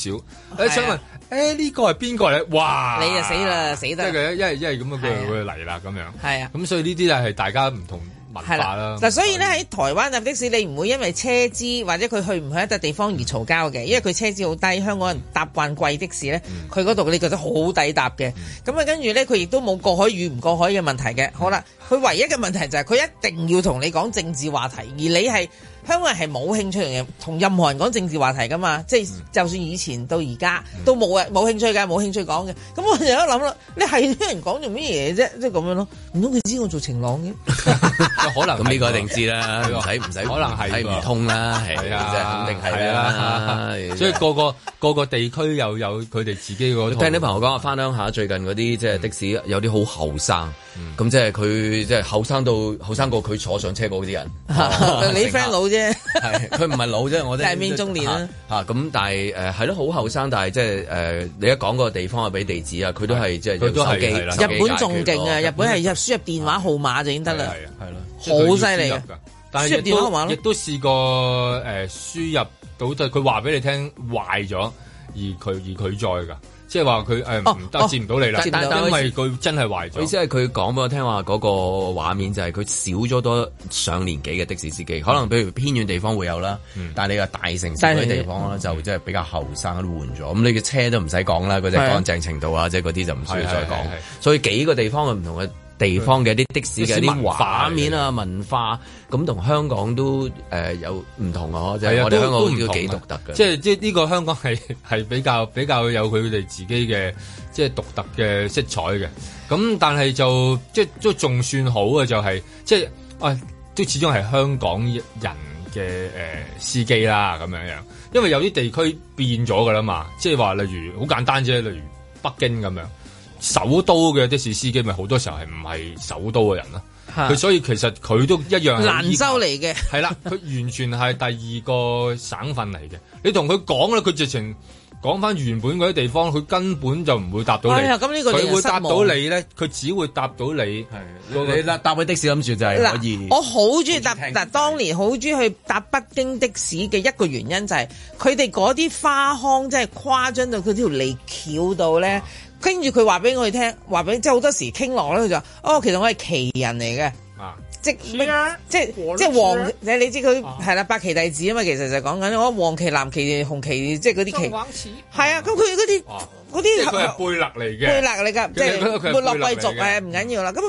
請問，誒呢個係邊個嚟？哇！你啊死啦死得！即係佢一係一係咁樣佢會嚟啦咁樣。係啊。咁所以呢啲就係大家唔同。係啦，嗱，所以咧喺對台灣搭的士，你唔會因為車資或者佢去唔去一笪地方而嘈交嘅，因為佢車資好低。香港人搭慣貴的士咧，佢嗰度你覺得好抵搭嘅。咁啊、嗯，跟住咧佢亦都冇過海與唔過海嘅問題嘅。好啦，佢唯一嘅問題就係、是、佢一定要同你講政治話題，而你係。香港人係冇興趣嘅，同任何人講政治話題噶嘛？即係就算以前到而家都冇誒冇興趣嘅，冇興趣講嘅。咁我成日都諗啦，你係啲人講做咩嘢啫？即係咁樣咯，唔通佢知我做晴朗嘅？可能咁呢個一定知啦，唔使唔使，可能係唔通啦，係啊，肯定係啦。所以個個個個地區又有佢哋自己個。聽啲朋友講，翻鄉下最近嗰啲即係的士，有啲好後生，咁即係佢即係後生到後生過佢坐上車嗰啲人。你 friend 老，係佢唔係老啫，我哋係面中年啦、啊。吓咁、啊，但係誒，係、呃、咯，好後生。但係即係誒，你一講個地方啊，俾地址啊，佢都係即係。佢係日本仲勁啊！日本係入輸入電話號碼就已經得啦。係啊，係咯，好犀利嘅。輸入電話號碼但係亦都亦都試過誒，輸入到對佢話俾你聽壞咗，而佢而佢在噶。即係話佢誒搭接唔到你啦，但係因為佢真係壞咗。意思係佢講俾我聽話嗰個畫面就係佢少咗多上年紀嘅的，的士司機，嗯、可能譬如偏遠地方會有啦，嗯、但係你個大城市嘅地方咧、嗯、就即係比較後生都換咗。咁、嗯、你嘅車都唔使講啦，嗰隻乾淨程度啊，即係嗰啲就唔需要再講。是的 所以幾個地方嘅唔同嘅。地方嘅一啲的士嘅啲畫面啊，文化咁同的香港都誒有唔同啊，即係的我哋香港都叫幾獨特嘅，即係即係呢個香港係係比較比較有佢哋自己嘅即係獨特嘅色彩嘅。咁但係就即係都仲算好嘅，就係、是、即係啊，都、哎、始終係香港人嘅誒、呃、司機啦咁樣樣。因為有啲地區變咗噶啦嘛，即係話例如好簡單啫，例如北京咁樣。首都嘅的士司機咪好多時候係唔係首都嘅人啦，佢所以其實佢都一樣蘭州嚟嘅，係啦，佢完全係第二個省份嚟嘅。你同佢講啦，佢直情講翻原本嗰啲地方，佢根本就唔會答到你。咁呢個你會失望。佢會答到你咧，佢只會答到你。係你啦，搭去的士諗住就係可以。我好中意搭嗱，當年好中意去搭北京的士嘅一個原因就係佢哋嗰啲花腔真係誇張到佢條脷翹到咧。傾住佢話俾我哋聽，話俾即係好多時傾落咧，佢就話哦，其實我係旗人嚟嘅，即係咩啊？即係即係黃，你你知佢係啦，八旗弟子啊嘛，其實就講緊我黃旗、藍旗、紅旗，即係嗰啲旗，係啊，咁佢嗰啲嗰啲，即係佢係貝勒嚟嘅，貝勒嚟㗎，即係沒落貴族嘅，唔緊要啦。咁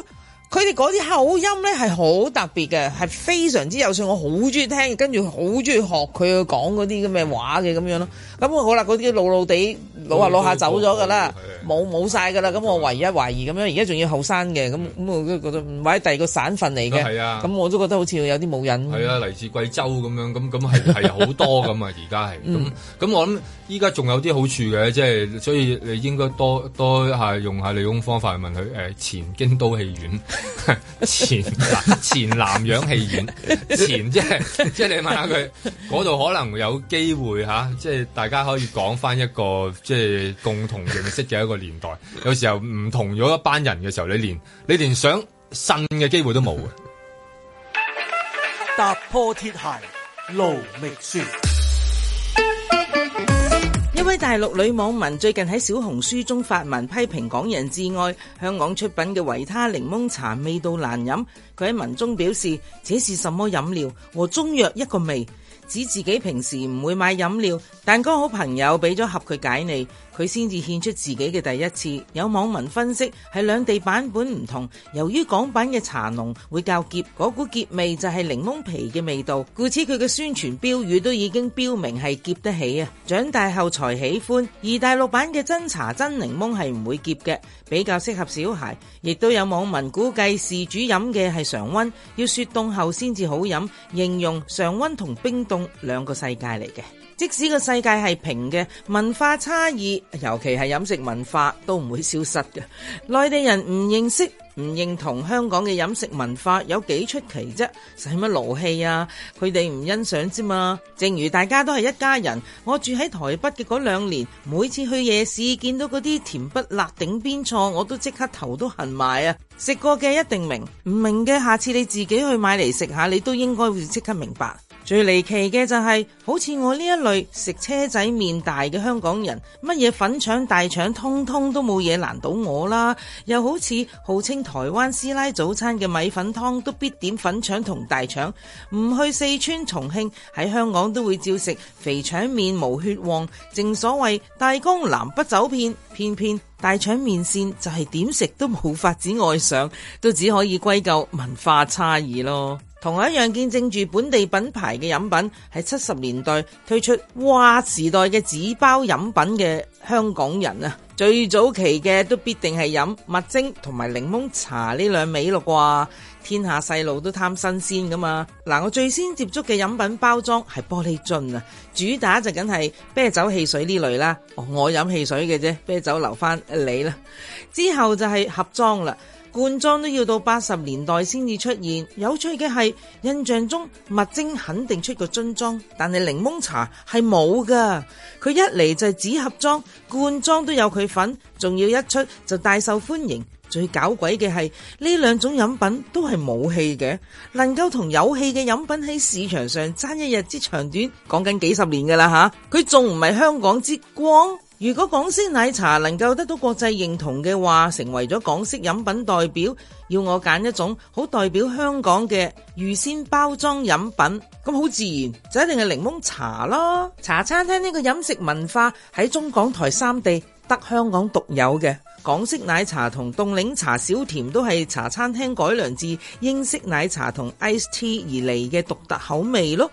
佢哋嗰啲口音咧係好特別嘅，係非常之有趣，我好中意聽，跟住好中意學佢講嗰啲咁嘅話嘅咁樣咯。咁好啦，嗰啲露露地老下老下走咗噶啦，冇冇曬噶啦。咁我唯一懷疑咁樣，而家仲要後生嘅。咁咁我都覺得，或者第二個省份嚟嘅，咁我都覺得好似有啲冇癮。係啊，嚟自貴州咁樣，咁咁係係好多噶啊，而家係。咁咁我諗依家仲有啲好處嘅，即係所以你應該多多係用下你用方法去問佢誒前京都戲院，前前南洋戲院，前即係即係你問下佢嗰度可能有機會嚇，即係大家可以講翻一個即係共同認識嘅一個年代。有時候唔同咗一班人嘅時候，你連你連想呻嘅機會都冇嘅。踏破鐵鞋路未絕。 [MUSIC] 一位大陸女網民最近喺小紅書中發文批評港人至愛香港出品嘅維他檸檬茶味道難飲。佢喺文中表示：這是什麼飲料？和中藥一個味。指自己平時唔會買飲料，但剛好朋友俾咗盒佢解膩。佢先至獻出自己嘅第一次。有網民分析係兩地版本唔同，由於港版嘅茶濃會較澀，嗰股澀味就係檸檬皮嘅味道，故此佢嘅宣傳標語都已經標明係澀得起啊。長大後才喜歡。而大陸版嘅真茶真檸檬係唔會澀嘅，比較適合小孩。亦都有網民估計事主飲嘅係常溫，要雪凍後先至好飲。形容常溫同冰凍兩個世界嚟嘅。即使個世界係平嘅，文化差異，尤其係飲食文化，都唔會消失嘅。內 [LAUGHS] 地人唔認識、唔認同香港嘅飲食文化，有幾出奇啫？使乜勞氣啊？佢哋唔欣賞咋嘛？正如大家都係一家人，我住喺台北嘅嗰兩年，每次去夜市見到嗰啲甜不辣鼎邊趖，我都即刻頭都痕埋啊！食過嘅一定明，唔明嘅下次你自己去買嚟食下，你都應該會即刻明白。最離奇嘅就係、是，好似我呢一類食車仔麵大嘅香港人，乜嘢粉腸大腸通通都冇嘢難倒我啦。又好似號稱台灣師奶早餐嘅米粉湯，都必點粉腸同大腸。唔去四川重慶，喺香港都會照食肥腸麵無血旺。正所謂大江南北走遍，偏偏大腸麵線就係點食都冇法子愛上，都只可以歸咎文化差異咯。同我一樣見證住本地品牌嘅飲品，喺七十年代推出哇時代嘅紙包飲品嘅香港人啊！最早期嘅都必定係飲麥精同埋檸檬茶呢兩味咯啩。天下細路都貪新鮮噶嘛。嗱，我最先接觸嘅飲品包裝係玻璃樽啊，主打就梗係啤酒、汽水呢類啦。我飲汽水嘅啫，啤酒留翻你啦。之後就係盒裝啦。罐裝都要到八十年代先至出現，有趣嘅係印象中蜜精肯定出過樽裝，但係檸檬茶係冇噶。佢一嚟就係紙盒裝，罐裝都有佢份，仲要一出就大受歡迎。最搞鬼嘅係呢兩種飲品都係冇氣嘅，能夠同有氣嘅飲品喺市場上爭一日之長短，講緊幾十年噶啦吓，佢仲唔係香港之光？如果港式奶茶能夠得到國際認同嘅話，成為咗港式飲品代表，要我揀一種好代表香港嘅預先包裝飲品，咁好自然就一定係檸檬茶咯。茶餐廳呢個飲食文化喺中港台三地得香港獨有嘅。港式奶茶同凍檸茶、少甜都係茶餐廳改良自英式奶茶同 ice tea 而嚟嘅獨特口味咯。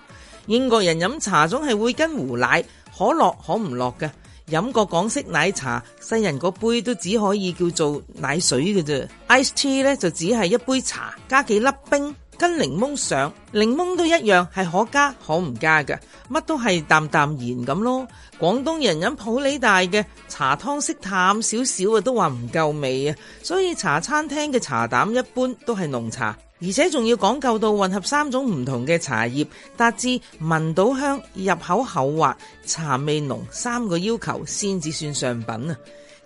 英國人飲茶總係會跟糊奶，可落可唔落嘅。飲過港式奶茶，西人嗰杯都只可以叫做奶水嘅啫。Ice tea 呢就只係一杯茶，加幾粒冰，跟檸檬上，檸檬都一樣係可加可唔加嘅，乜都係淡淡然咁咯。廣東人飲普洱大嘅茶湯，色淡少少啊，都話唔夠味啊，所以茶餐廳嘅茶膽一般都係濃茶。而且仲要講究到混合三種唔同嘅茶葉，達至聞到香、入口口滑、茶味濃三個要求先至算上品啊！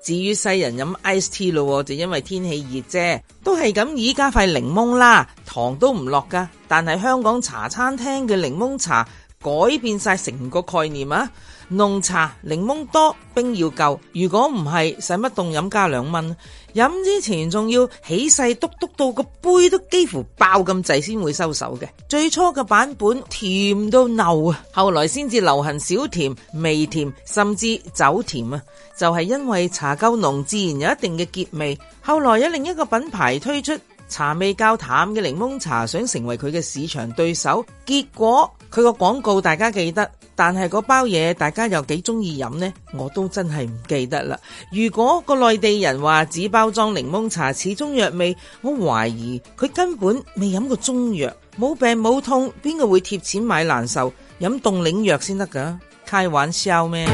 至於世人飲 ice tea 咯，就因為天氣熱啫，都係咁依加塊檸檬啦，糖都唔落噶。但係香港茶餐廳嘅檸檬茶改變晒成個概念啊！濃茶檸檬多，冰要夠。如果唔係，使乜凍飲加兩蚊？飲之前仲要起勢篤篤到個杯都幾乎爆咁滯先會收手嘅。最初嘅版本甜到漏，啊，後來先至流行少甜、微甜，甚至走甜啊，就係、是、因為茶夠濃，自然有一定嘅結味。後來有另一個品牌推出。茶味較淡嘅檸檬茶想成為佢嘅市場對手，結果佢個廣告大家記得，但係嗰包嘢大家又幾中意飲呢？我都真係唔記得啦。如果個內地人話紙包裝檸檬茶似中藥味，我懷疑佢根本未飲過中藥，冇病冇痛，邊個會貼錢買難受？飲凍檸藥先得噶，開玩笑咩？